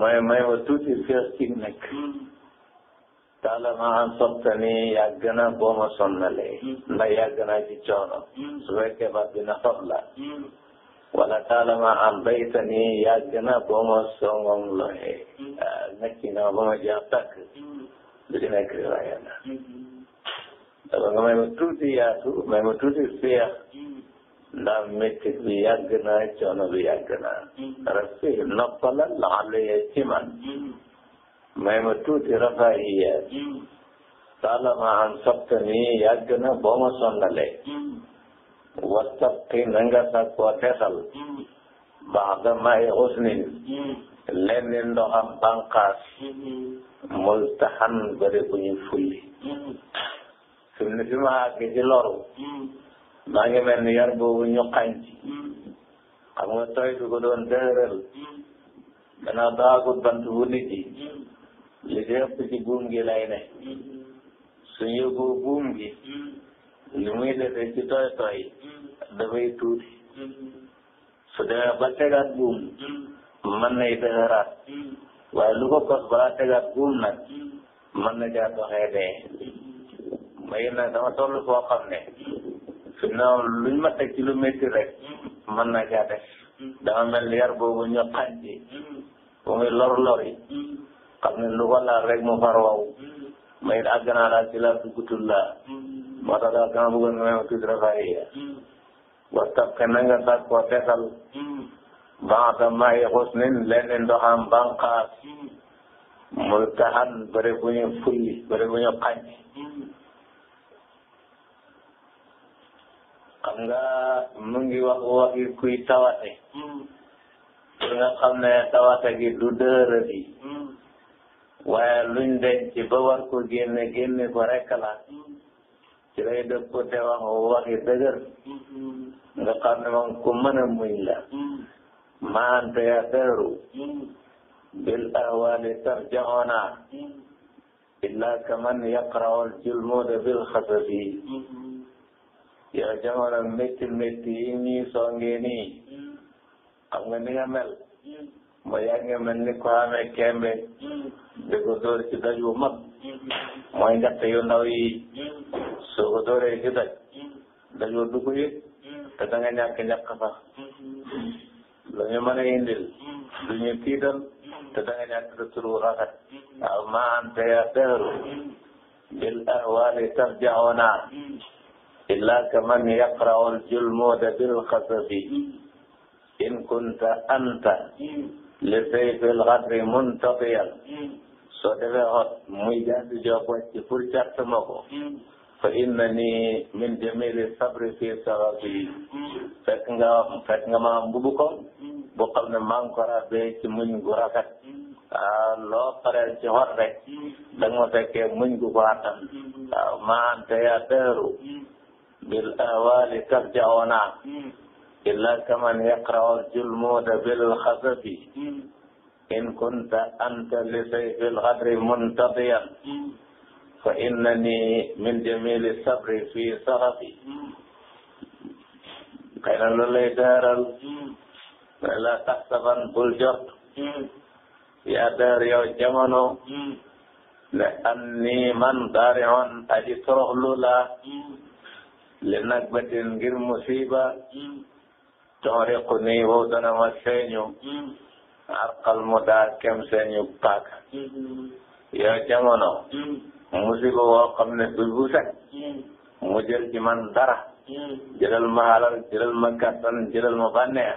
Speaker 1: may may ma tuuti fees ci nekk taalama an soxtani yàgg na boo ma sonnalee ndax yàgg naa ci coono su fekkee ba dina soxla wala taalama an baytani yàgg na ba loxe nekk na ba ma jeex takk lu ci la dama nga may ma tuuti yaatu may ma tuuti feex bi yàgg na bi yàgg na rafi noppalal alaya ci man may ma tuuti taalama an sabtani yàgg na ba wastabqi na nga sakkoo tesal baxda may xusnin lenn ndoxam bànqaas multaxan bëri bu ñu fulli fi mu ne fi ma àgg ci loru maa ngi mel ni yar boobu ñu xañ ci xam nga tooy bi ko doon dëgëral danaa daagut bant bu li ci ëpp ci buum gi lay gi li muy defee ci tooy tooy mm-hmm. dafay tuuti mm-hmm. su ba tegaat buum mm-hmm.
Speaker 2: mën nay dëgëraat
Speaker 1: waaye lu ko kos balaa tegaat buum nag mën na jaar doxee dee may nag dama toll foo xam ne su luñ ma te ci lu na caa def dama mel yar boobu ñu xaaj bi bu muy lori xam ne lu ko laal rek mu far wow may àgg naa laa ci moo tax daal dama bëggoon nga tuuti rafariya wastab ke na nga sàkk koo teesal hmm. bantam maa yi xus nin lenn ndoxam banqaas
Speaker 2: hmm. muy
Speaker 1: taxan bëri bu ñu fulli bëri bu ñu xañ hmm. xam nga mu ngi wax waxi kuy tawate pour nga xam ne tawate gi du dëërë bi waaye luñ denc ba war ko génne génne ko rekk la ci lay dëpp te wax waxi dëgër nga xam ne ku mën a muñ la maanta ya dëru bil ahwali tarjaona illa kaman yaqraul julmuda bil xasafi yow jamono métti métti yi ñuy songee nii xam nga ni nga mel mooy yaa ngi mel ni ko amee kembe di ko dóor ci daj bu mag mooy ngatt yu ndaw yi soo ko dooree ci daj dajoo dugg yi te da nga ñàkk ñàkk sax lu ñu mën a indil lu ñu tiital te da nga ñàkk sa turu rafet waaw maa anta ya dahru bil ahwali tarjauna illa ka man yaqra'u al julmuda bil xasafi in kunta anta li sayfi al xadri muntaqiyan soo defee xot muy jaasi joo bocc pour carte ma ko mm. fa inna ni min jamili sabri fi sawabi mm. fekk nga fekk nga ma mbubu ko mm. bu xam ne maa ngi ko rabee ci muñ gu rafet waaw loo pareel ci xot rek da ma fekkee muñ gu ko attan waaw maa anta yaa dëru bil awali tarjaona illa kaman yaqra'u julmuda bil xasabi in kunta anta li sayfil xadri muntadiyan fa innani min jamili sabri fi sarafi xëy na loolu lay daaral la taxsaban bul jot yaa daar yow jamono ne am ni man daarion aji toroxlu la li nag batin ngir musiba toriqu ni wow dana ma seeñu arqal mu daa kem sañu paak mm-hmm. yow jamono mm-hmm. musiba woo xam ne bés bu set mu jël ci man dara mm-hmm. jëlal ma alal jëlal ma ma bànneex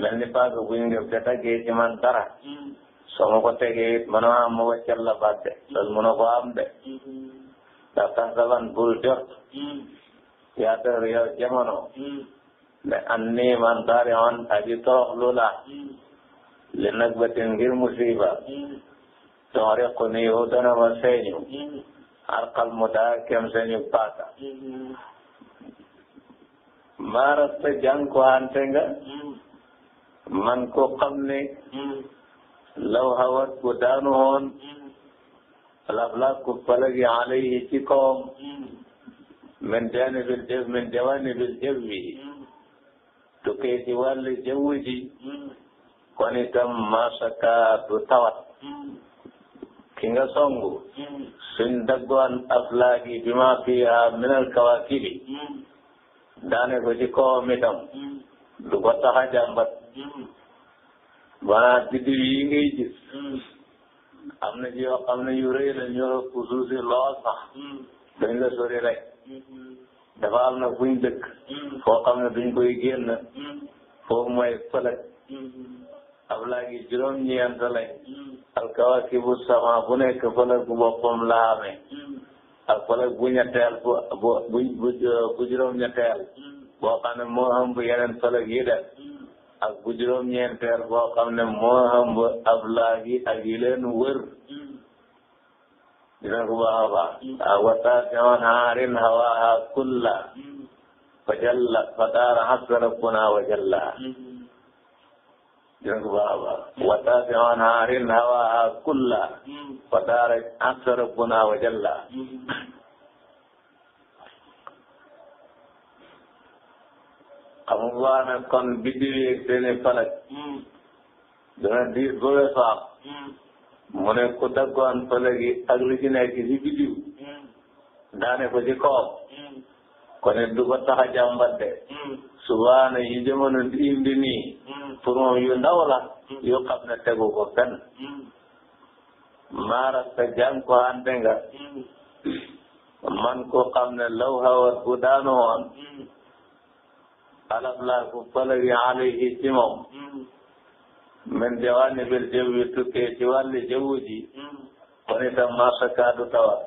Speaker 1: mel ni paak buñ ngëf te tegee ci man dara soo ma ko tegee it mënoo am ma waccal la batte loolu mënoo ko am de ndax tax daban bul aji torox lu li nag ba tey ngir musiba. donc rek ku ne yow dana ma seeñu. arqal mu daa kem seeñu paaka. maarasta jànkuwante man ko xam ne. law hawat bu daanu woon. alaflaak ku palagi alayhi ci kawam. min jaanibil jëf min jawaanibil jëf bi. tukkee ci wàllu jaww ji. kon itam masaka du tawat ki nga songu suñ daggoon aflaagi bi ma fiha minal kawakibi daane ko ci kawam itam du ko tax a jàmbat maanaam biddiw yi ngay gis am na ci yoo xam ne yu rëy la ñoo ëpp suusi lool sax dañ la sori rek dafa am na fuñ dëkk foo xam ne duñ koy génn ablaag yi juróom-ñeent lañ alkawaakibu sama bu nekk falag bu boppam la amee ak falag bu ñetteel bu bu bu juróom-ñetteel boo xam ne moo ëmb yeneen falag yi def ak bu juróom-ñeenteel boo xam ne moo ëmb ablaag yi ak yi leen wër dina ko baax a baax a wataasewoon haarin hawaaha kulla fa jalla fa daara hasara kuna wa jalla jërëjëf bu baax a baax. wasaase waan aarin hawa kulla. fadaara ansa rabbuna wa jalla. xam nga waa ne kon biddiw yeeg seeni falak. dana diis ba weesu am. mu ne ku daggoon falak yi ak lu ci nekk ci biddiw. daane ko ci kon it du ko tax a jàmbat de hmm. subaana yi jamono indi nii hmm. pour moom yu ndaw la hmm. yu xam ne tegu ko fenn maara sa jàng ko ande nga man ko xam ne law hawat bu daanu woon alaf laa ku falawi alayhi ci moom min jawaani bil jawwi tukkee ci wàlli jaww ji kon itam maasa kaadu tawat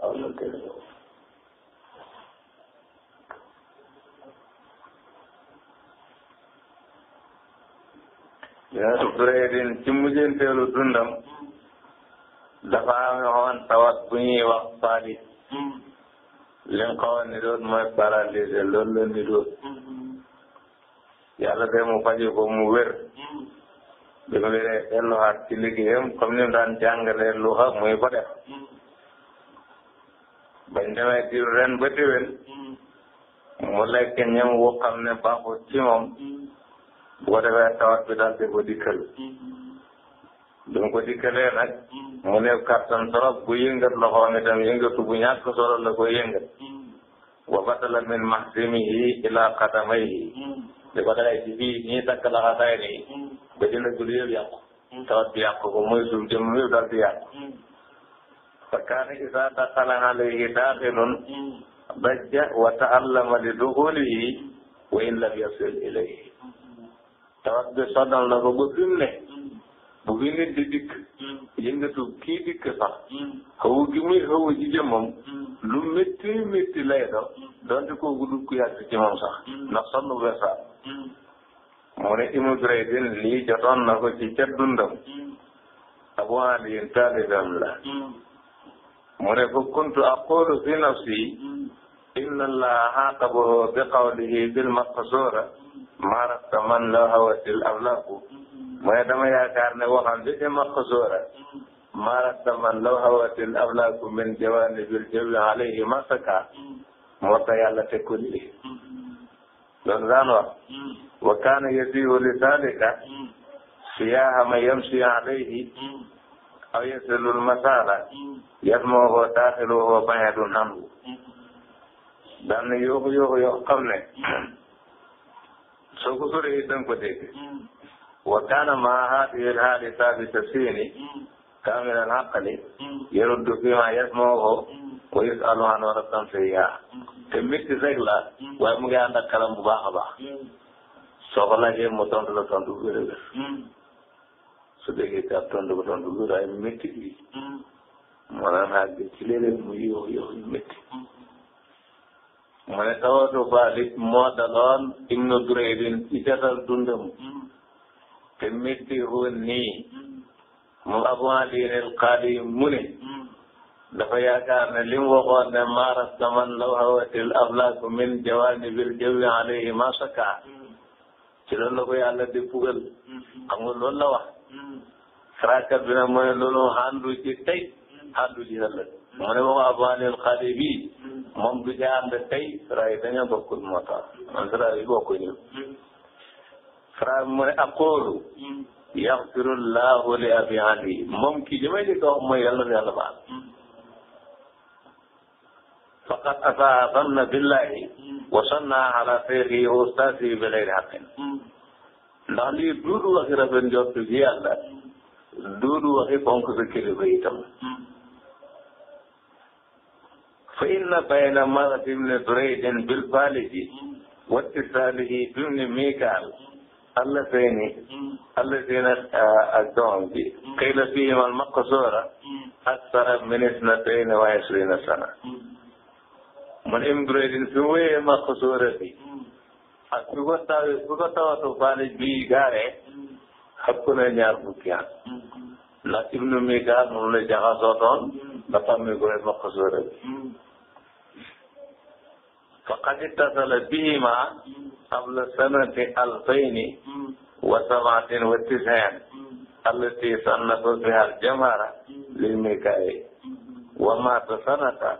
Speaker 1: yonent bu Zureydin ci mujjanteelu dundam dafa ame woon tawat bu ñuy wax palis li nga xaw a niroon mooy paralysé loolu la niroon yàlla de mu faje ko mu wér bi mu wéree delluwaat ci liggéeyam comme ni mu daan jàngalee lu xam muy ko def bañ demee diir ren ba mu lekk ñam wu xam ne baaxut ci bu ko defee tawat bi daal di ko dikkal bi mu ko dikkalee nag mu néew kattan trop bu yëngat loxoom itam yëngatu bu ñàkk solo la ko mm-hmm. wa batala min maxsimihi ila qadamayhi li
Speaker 2: mm-hmm.
Speaker 1: ko dalee ci bii ñii takk laxasaay nii mm-hmm. ba dina gul tawat bi ko mooy suuf jëm yëpp daal di yàqu fa isa daxala alayhi daaxilun dajja wa taallama li duxulihi wa in lam yasil ilayhi tawat bi sonal na ko ba ne di dikk yëngatu kii dikk sax xawu gi muy xawu ci jëmmam lu métti métti lay do donte kooku du ku yàgg ci moom sax ndax sonn bersaat mu ne immigré din lii jotoon na ko ci ca dundam abu aliyin taalibam la mu ne ko kuntu aqulu fi nafsi inna allaha xaaqabahu bi qawlihi bil maqsura maanaam sama la xawatil aflaku mooy dama yaakaar ne waxam li dem ak xasoora maanaam sama la xawatil aflaku min jawaani bil jawi alayhi masaka moo tax yàlla teg ko lii loolu daan wax wa kaana yasiihu li dalika siyaaha ma yamsi alayhi aw yasilul masala yasmahu daaxiluhu baadun anhu daan na yooxu yooxu yoo xam ne soo ko soree it danga ko dégg. wa kaana maa haadihi al-haali saabita siini kaamil al-aqli yaruddu fii maa yasma'uhu wa yus'alu an waratan fiihaa te mbégte mm. rek la waaye mu ngi ànd ak kalam bu baax a baax. mu tontu la tontu bu wér-wér. su déggee ka tontu ko tontu bu wér waaye métti bi. moo daan xaar ci léeg-léeg mu yoo yoo métti. mu ne tawatu Malik moo daloon ibnu Duraydin ci setal dundam te métti woon nii moom Abu Ali al-Qaadi mu ne dafa yaakaar ne li mu waxoon ne maaras taman law hawatil aflaaku min jawaanibil jawi alayhi ma shakka ci loolu la ko yàlla di pugal xam nga loolu la wax saraakat mm. bi nag mu ne loolu xandu ci tey xandu ci ëllëg moo ne wa abalil xale bi moom du ca ànd tey fra yi dañoo bokkul moo tax man fra yi bokkuñu fra mu ne aqulu yaxfirullahu li abi ali moom kii li may di ko wax mooy yàlla yàlla baal faqad billahi wa sanna ala sayyihi wa bi gayri haqqin ndax lii duudu waxi rafet njortu ci yàlla duudu waxi fonk sa kilifa itam fa inna bayna marati ibni Duraydin bil baligi wa ittisaalihi bi ibni Mikaal allah seeni allah seeni ah, ak doom bi qiila fiihima al maqsuura aksara min isnatayni wa ishriina sana mu ne ibni Duraydin fi mu wéyee maqsuura bi ak fi ko taw fi ko tawatu baligi bi gaare xëpp na ñaar fukki at ndax ibni Mikaal moom la jaxasoo doon ba tàmmi ko maqsuura bi faqad ittasala bihima qabla sanati alfayni wa sab'atin wa tis'iin allati sannafa fiha lil mikaay wa maata sanata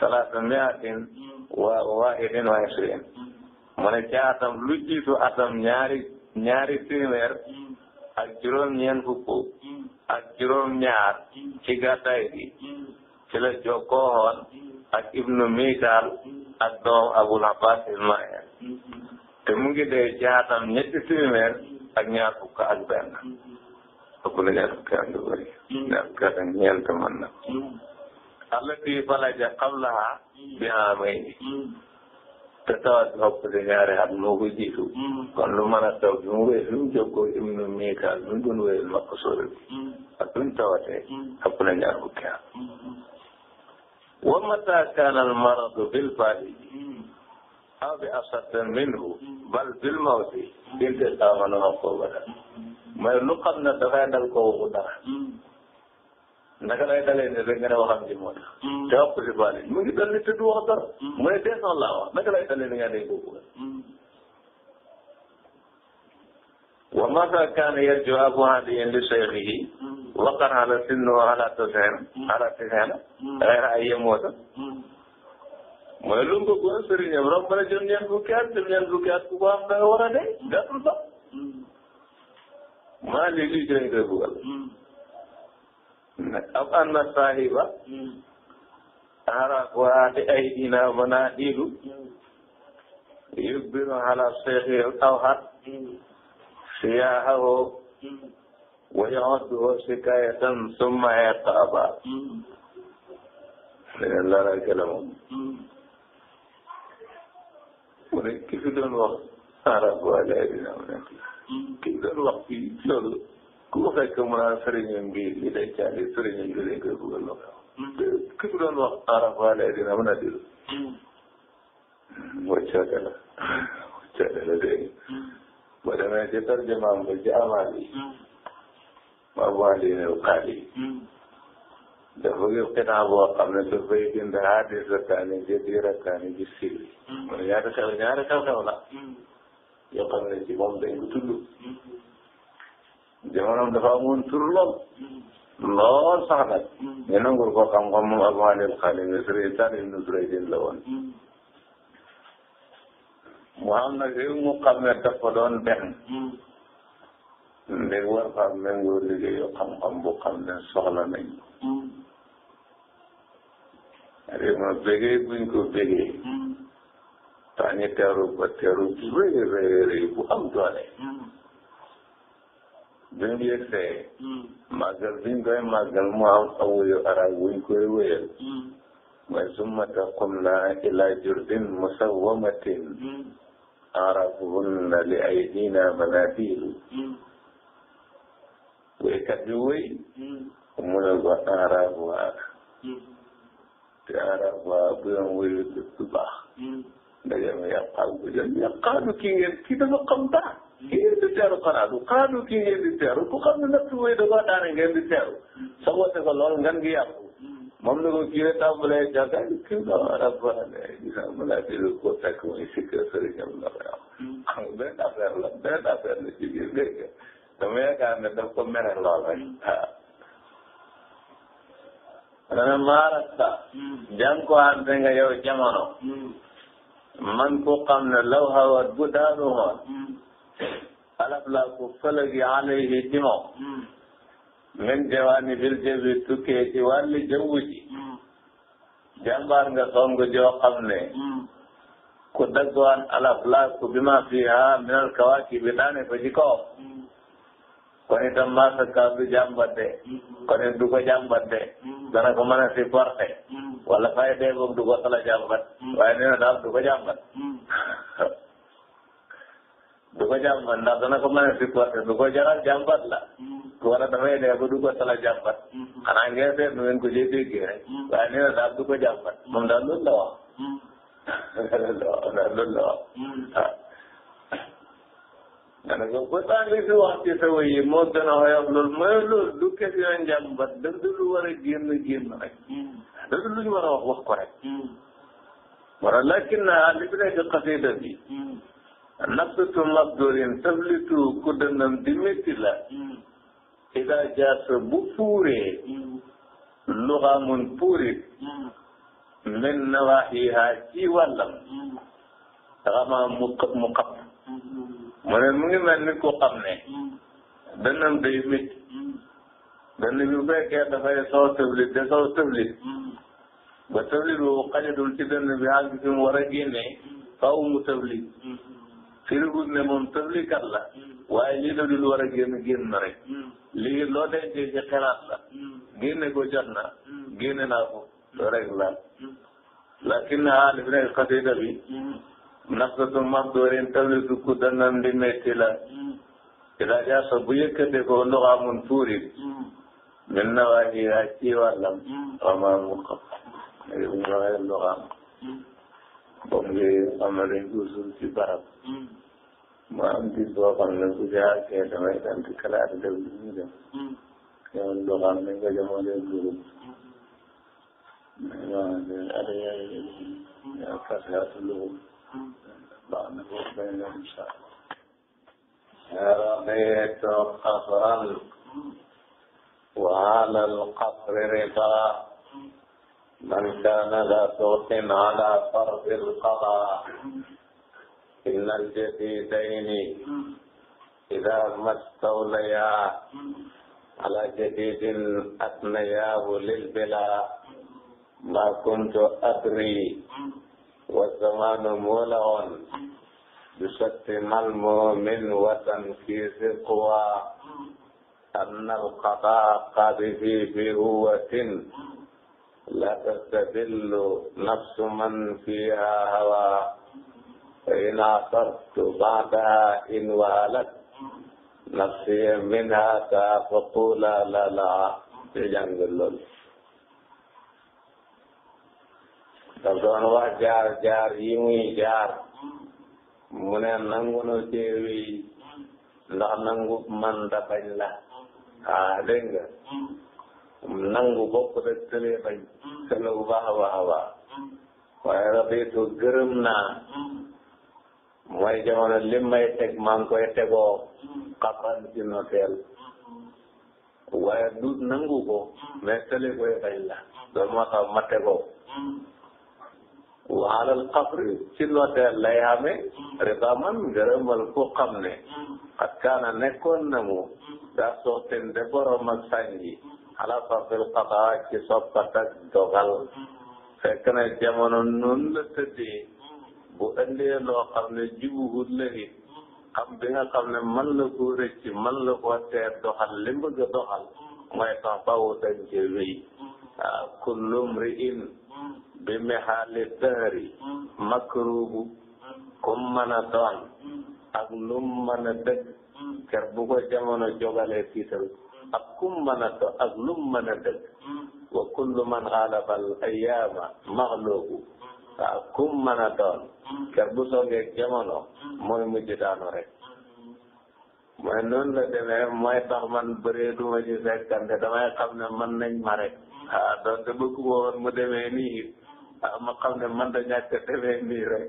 Speaker 1: salaasa miatin wa waahidin wa ishriin mu ne ca atam lu jiitu atam ñaari ñaari téeméer ak juróom-ñeent fukk ak juróom-ñaar ci gàddaay gi ci la jokkoowoon ak ibnu Mikal ak doom Abul Abbas Ismail te mu ngi dee ci atam ñetti téeméer ak ñaar fukk ak benn ëpp na ñaar fukki at lu bëri ñaar fukki at ak ñeent mën na allati falaja qablaha bi amayni te tawat di ñaari kon lu mën a taw bi mu wéy mu jokkoo ibnu Mikaal mi doon wéyal makk sóore bi ak duñ tawatee ëpp na ñaar fukki at wa mata kaana al bil baali aw bi asattan minhu bal bil mawti dinte saama na wax ko ba dal mooy lu xam dal ko waxu dara naka lay dalee ne rek nga ne waxam ji moo tax te wax ko mu ngi ni te du wax dara mu ne dee sax laa wax nga ne ko wa masa kaana yarju abu hadi indi shaykhihi waqar ala sinno ala taseen ala taseen xayra ay yemoota mooy lu mu bëggoon sëriñam romb na jëm ñeent fukki at jëm ñeent fukki at ku ko am da nga war a dee gàttul sax maa léegi lii ci lañ koy bugal ab anna saahiba araku aati ay dina manaa diidu yubbiru ala shaykhi aw xat siyaahahu wa yaudduhu shikaayatan summa iqaaba
Speaker 2: da ngeen laaral kala moom
Speaker 1: mu ne ki fi doon wax arab mu ne ki fi doon wax fii loolu ko fekk mu naan sëriñam bi li day caali sëriñam ki arab wala dina mu ne dil wàccaate la wàccaate la dégg boo demee ci tarjumaam ba ci amaan yi ma boo di ne ukaat yi hmm. dafa gis xitaa boo xam ne dafay bind haadis rakkaani ji di rakkaani ji hmm. ne ñaari xew ñaari xew-xew la hmm. yoo ne ci moom dañ ko tudd jamonoom dafa amoon tur lool lool sax nag ñu ko xam-xam moom Abu Ali al-Xalili Sëriñ Salim Ibn Duraydin la woon mu am nag réew mu xam ne dafa doon benn hmm. xam-xam bu xam ne soxla nañ réew hmm. ma bégee buñ ko bégee hmm. tax ba teeru bu rëy rëy rëy bu am doole bi ñu yegsee màggal biñ koy màggal mu am awuyu arab wuñ koy wéyal mooy summa taqum naa arafuhunna li aydina manadilu wéykat bi wéy mu ne ko arafuha te arafuha bu doon wéyu du baax ndaje ma yàqaal bu jot yàqaalu kii ngeen kii dafa xam dara di teeru xanaa du xaadu kii ngeen di teeru ku xam ne nag su wéy da koo daane di teeru sa wote ko lool ngan gi yàqu moom la ko jiire tàmbalee mm. jàkkaay kii bi daal rabbaane gis naa mën naa déglu ko fekk mooy si kër sëriñam la koy am benn affaire la benn affaire la ci biir dégg nga dama yaakaar ne daf ko mere lool jamono mm. mm. man ku xam ne law xawat bu daanu woon alaf laa ko fëlëgi alayhi ci e moom min jawaani bil jëbi tukkee ci wàlli jawwu ji jàmbaar nga song joo xam ne ku daggoon alaf laa ku bi ma fiha min al kawaakibi daane ko ci kaw kon itam de kon it du de dana ko mën a wala fay dee boog tala jàmbat waaye nee na daal du ko du ko jàmbat ndax dana a supporté la wala dafay dee ba du ko tala jàmbat xanaa ngeen seet nu ngeen na daal du ko jàmbat moom daal loolu la
Speaker 2: wax
Speaker 1: loolu la wax nga ne ko pourtant li fi wax ci sa wéy yi moo gën a xoyof loolu mooy loolu du question jàmbat daf du lu war a génn génn lu ñu war hmm. lakin naa li fi nekk bi nabbitu mabdurin tablitu ku dënnam di métti hmm. ida jaasa bu fuuree hmm. luxaamun puurit hmm. min nawaahiha ci wàllam xamaa mu mu xap mu mu ngi mel ni ku xam ne dënnam day métti dënn bi bu fekkee dafay soo tëblit de soo tëblit ba tëblit boobu xajatul ci dënn bi àgg fi mu war a génnee faaw mu tëblit sirigul ne moom tëblikat la waaye lii la dul war a génn génn rek hmm. lii loo dencee la hmm. génne ko jot na hmm. génne naa ko loo rek la lakin haal bi nekk xasida bi nafsatu maxdoorin tablisu ku danam di metti la ila jaasa bu yëkkate ko ndoxaamun tuurit min nawaahiha ci wàllam wa maa mu xam ndoxaam comme li ne dañ ko suul ci barab mm. am bis boo xam ne bu jaakee damay sant kalaat def li ñu def yoon loo xam ne nga jamono groupe
Speaker 2: waaw ada yaa fatihaatu luxum
Speaker 1: mm. baax na من كان ذا سوط على فرض القضاء إن الجديدين إذا ما استوليا على جديد أثنياه للبلا ما كنت أدري والزمان مولع بشتم المؤمن وتنكيس القوى أن القضاء قد في بهوة la tastadillu nafsu man fiha hawa fa in asartu ba'daha in wahalat nafsi minha ta fa qula la la ci jàng lool daf doon wax jaar jaar yi muy jaar mu ne nangu no teewi ndax nangu man da bañ la ah dégg nangu bokkut ak tëlee bañ sela mm. bu baax a baax a baax mm. waaye raditu gërëm naa mm. mooy jamono li may teg maa koy tegoo xaban ci noteel waaye du nangu ko mais tële koy bañ la loolu moo ma tegoo waalal xabri ci noteel lay xamee reba man gërëmal ku xam ne xat kaana nekkoon na mu daa soxten de borom ak sànji ala soppil xataa ci soppat ak dogal fekk na jamono noonu la tëddee bu indee loo xam ne jibuhut la it xam bi nga xam ne man la koo rëcc man la koo teer doxal li mu bëgg a doxal mooy sax bawu dañ ci wéy waaw kullu mri'in bi mihaali dahri makrubu kum mën a ak lum mën a dëkk ker bu ko jamono ak kum mën a to ak lum mën a dëkk wa kullu man xaalabal ayaama maxloobu waaw kum mën a doon ker bu soogeeg jamono mooy mujj daanu rek mooy noonu la demee mooy tax man bëree duma ci fekkante damay xam ne mën nañ ma rek ah doonte bëgg woon mu demee nii ah ma xam ne man da ñàkk demee nii rek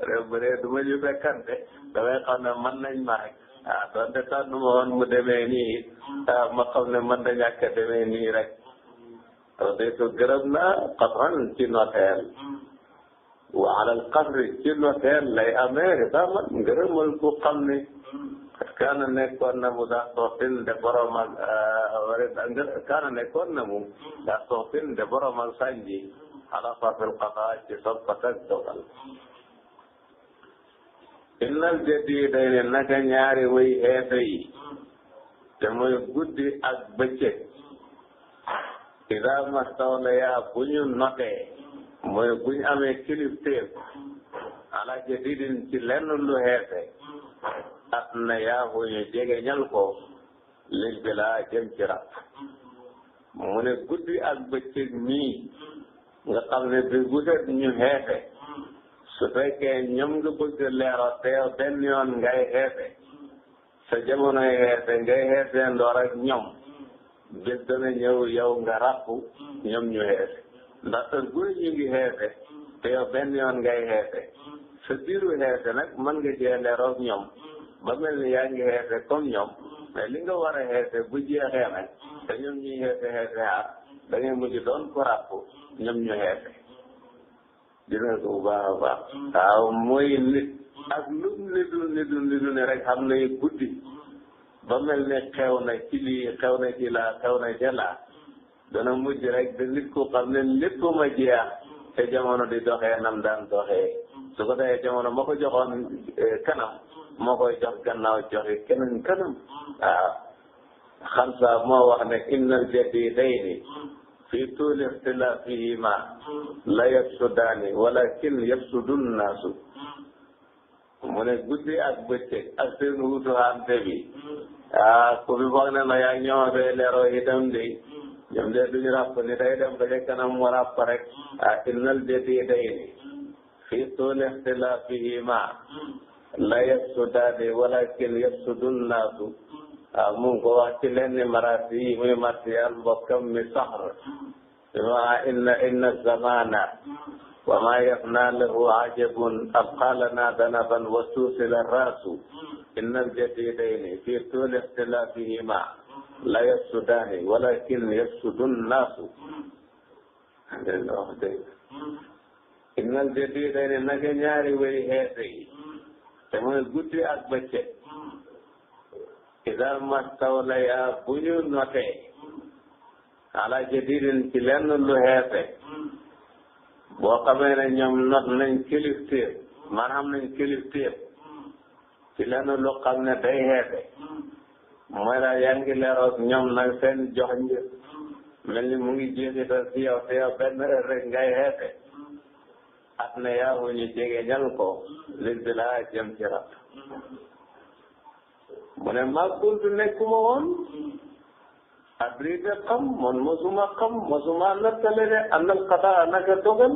Speaker 1: waaw bëree duma ci fekkante damay xam ne mën nañ ma rek ah donte tànn ma woon mu demee ah, ma xam ne man da ñàkk a demee nii rek raditu gërëm naa xasan ci noteel wa alal qadri ci noteel lay amee xisaman ngërëmal ku xam ni kaana nekkoon na mu daa soxin de borom ak ah, wari kaana nekkoon mu daa soxin de borom ak sànji ala fafil qadaa ci soppat ak dogal innal jaddi yi day ne naka ñaari way xeete yi te mooy guddi ak bëccëg ida mastawla yaa bu ñu notee mooy bu ñu amee kilifteef ala jadidin ci lenn lu xeete at na yaa bu ñu jege ñal ko lil bi laa jëm ci rab mu ne guddi ak bëccëg mii nga xam ne bi gudet ñu xeete su fekkee ñoom nga bëgg leeral te yow benn yoon ngay xeefe sa jamonoy xeefe ngay xeefe ndoor ak ñoom bés dana ñëw yow nga ràpp ñoom ñu xeefe ndax heure bu ñu ngi xeefe te yow benn yoon ngay xeefe sa biiru xeefe nag mën nga cee leeroog ñoom ba mel ni yaa ngi xeefe comme ñoom mais li nga war a xeefe bu jeexee nag te ñoom ñuy xeefe xeefe aar da mujj doon ko ràpp ñoom ñu xeefe dina ko bu baax a baax mm. waaw mooy nit ak lu ne du ne du ne du ne rek xam ne ba mel ne xew na ci lii xew na ci laa xew na ca laa dana mujj rek de nit ku xam ne lépp ma jeex te jamono di doxee nam daan doxe su ko defee jamono ma ko joxoon eh, kanam moo koy jox gannaaw joxe kanam waaw xam sa moo wax ne innal jaddi day fi tuuli ixtilaafihima la yafsudaani walakin yafsudu nnaasu mu ne guddi ak bëccëg ak seen wuutu hante bi ah ku fi foog ne na yaa ñëw bee leeroo itam de ñoom de duñu ràpp ni day dem ba ca kanam mu ràpp rek ah innal jadiidayni fi tuuli ixtilaafihima la yafsudaani walakin yafsudu nnaasu ah mu ngi ko wax ci lenn maraati yi muy martiyal mbokkam mi saxr bi ma inna inna zamana wa ma yafna lahu ajabun ab xaalana danaban wa suusila raasu inna aljadidayni fi tuuli ixtilafihima la yafsudaani walakin yafsudu nnaasu inna aljadidayni naka ñaari way xeese yi te mooy guddi ak bëccëg idaa mastawlayaa bu ñu notee ala jadidin ci lenn lu xeete boo xamee ne ñoom not nañ kilifteef maanaam nañ kilifteef ci lenn lu xam ne day xeete mooy daal yaa ngi leeroog ñoom nag seen jox njër mel ni mu ngi jeexital si yow te yow benn heure rek at na yaahu ñu jege ñal ko li dilaa jëm ci rat mu ne maa kuntu nekkuma woon abrida xam man mosuma xam mosuma nattale ne annal qadaa naka dogal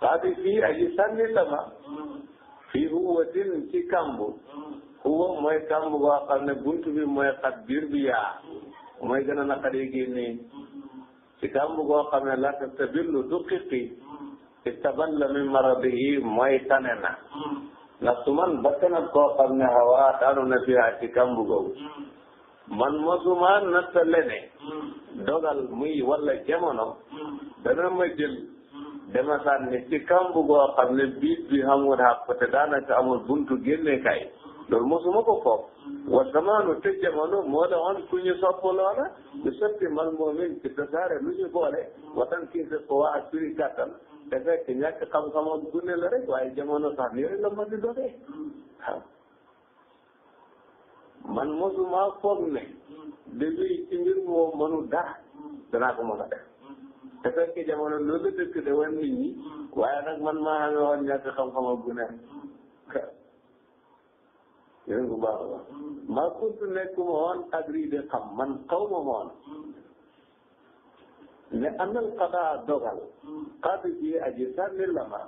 Speaker 1: saadi fii aji sànni sama fii huwatin ci kambu huwa mooy kambu boo xam ne buntu bi mooy xat biir bi yaa mooy gën a naqaree génnee ci kambu boo xam la tastabillu du xiqi istaban la min maradihi mooy tane na nafsu man bakkan ak koo xam ne hawa daanu na fi haa ci kàmbu googu man mosuma nattale ne dogal muy walla jamono dana ma jël dama sànni ci kàmbu goo ne biit bi amul xàpp te daanaka amul buntu génne kay loolu mosuma ko foog wa zamaanu te jamono moo da on ku ñu sopp loola ñu sotti mal moomin ci tasaare lu ñu boole watan kii se ko waa ak te fekk ñàkk xam-xam ak la rek waaye jamono sax yooyu la di doxee waaw man mosuma foog ne début ci mbir moo mënu dara danaa ko mën a def te fekk jamono loolu la dëkk de wan nit ñi waaye nag man maa amee woon ñàkk xam-xam ak gune yéen bu baax a baax maa kuntu nekkuma woon agri man mais am na xadaa dogal. xaadu ji aji sànni la ma.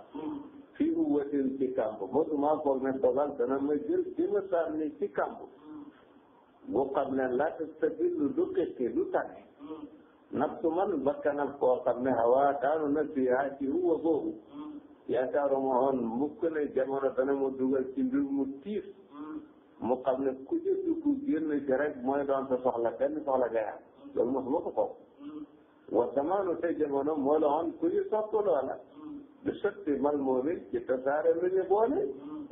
Speaker 1: fii mu ci kàmb mosuma foog ne dogal dana ma jël di ma sànni ci kàmb. bu xam ne laata sa biir lu du xëcc du tane. naftu man bakkanam koo hawa daanu na fi haa ci huwa boobu. yaakaaruma woon mukk ne jamono dana mu dugal ci mu tiis. mu xam ne ku ci dugg génn ci rek mooy doon sa soxla benn soxla ngay am loolu mosuma ko foog. wa zamaanu tey jamono moo la woon ku ñu soppaloo la bi sotti mal moomin ci tasaare lu ñu boole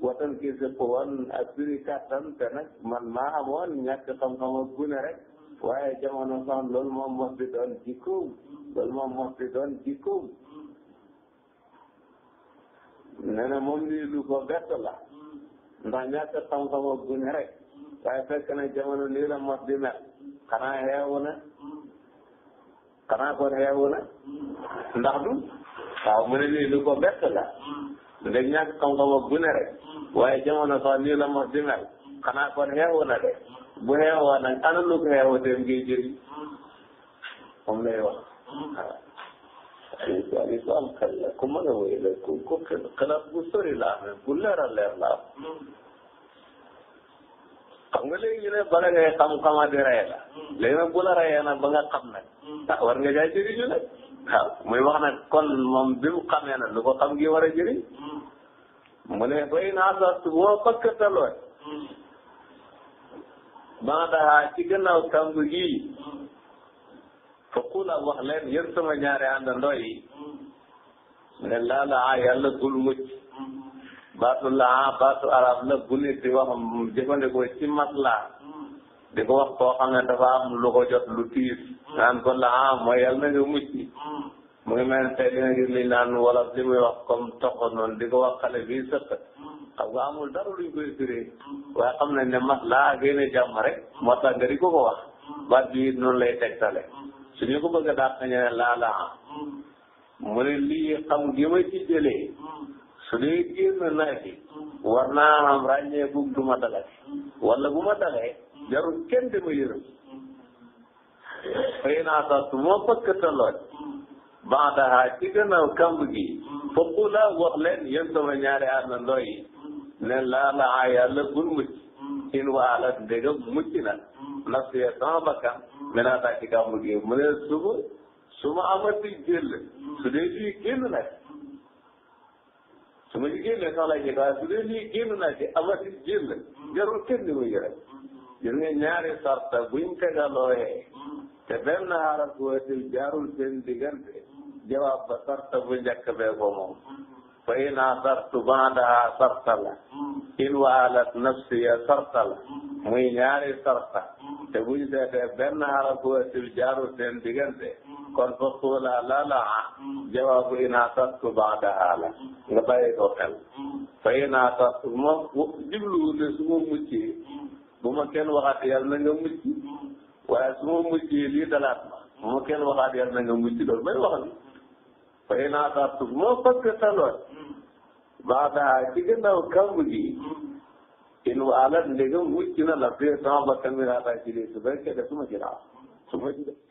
Speaker 1: watan kii si woon ak firi kàttan man maa amoon ñàkk xam-xam ak gune rek waaye jamono sax loolu moom mos di doon jikkoom loolu moom mos di doon jikkoom nee na moom lii lu ko bett la ndax ñàkk xam-xam ak gune rek waaye fekk na jamono lii la mos mel xanaa xeewu na xanaa kon xeebu na ndax du waaw mu ne lii lu ko la du deg ñàkk xam-xam ak bu ne rek waaye jamono nii la mos di mel xanaa kon xeebu na de bu xeewoo nag ana lu ko xeewoo dem ngay jëriñ moom lay wax waaw ali ku am xel la ku mën a wéy la ku ku xalaat bu sori laa amee bu leer a leer laa xam nga léegi ñu ne bala ngay xam-xama di rey la léegi nag bu la reyee nag ba nga xam nag hmm. ah war nga jaay jëriñu nag waaw muy wax nag kon moom bi mu xamee nag lu ko xam gi war a jëriñ hmm. mu ne bay naa sart boo fakktaloo hmm. bandaxaa ci gannaaw kàmb gii fa qula wax leen yéen sama ñaari àndandoo yi ne laalaa yàlla bul mucc baatu laa baatu arab la bu nit di wax jëfandikoo ci maslaa di ko wax koo xam ne dafa am lu jot lu naan ko laa mooy yàlla na nga mucc mu ngi mel tey dina naan wala li muy wax comme toxo noonu di ko wax xale bi sëkk xam nga amul dara luñ koy firee waaye xam nañ ne maslaa génne jàmm rek moo tax nga di ko ko wax baat bi noonu lay tegtale su ñu ko bëgg a daat ne laa laa mu ne lii xam gi ma ci jëlee su dee génn nawet bi war naa am ràññee bu du ma dalati wala bu ma dalee jarul kenn dama yërëm xëy naa sax su ma pëkkataloon baadaha ci gannaaw kamb gi foofu laa wax ne laa la ah yàlla bul in waala ndegam mucc na nafsiya sama bakkan menaa taa ci kamb mu ne suba su ma amati jël su dee fii génn su ma ci génne sax lay jënd waaye su dee lii génn naa ci amati jël la jarul kenn di ko jëlee gis nga ñaari sarta buñ tegalooyee te benn xaaral ko watil jaarul seen diggante jawaab ba sarta bu njëkk bee ko moom fa in asartu baadaha sarta la in waalat nafsiya sarta la muy ñaari sarta te buñ seetee benn xaaral ko watil jaarul seen diggante kon fa xuulaa laa laa jawaabu inaa sattu baadahaa la nga bàyyi ko xel fa inaa sattu moom jubluwul ne su ma muccee bu ma kenn waxaat yàlla na nga mucc waaye su ma muccee lii dalaat ma bu ma kenn waxaat yàlla na nga mucc loolu may wax ni fa inaa sattu moo fëkk taloon baadahaa ci gannaaw kàmb gi in waalat ndegam mucc na la fee sama bakkan mi laa taa ci lii su fekkee de su ma ci laa su ci def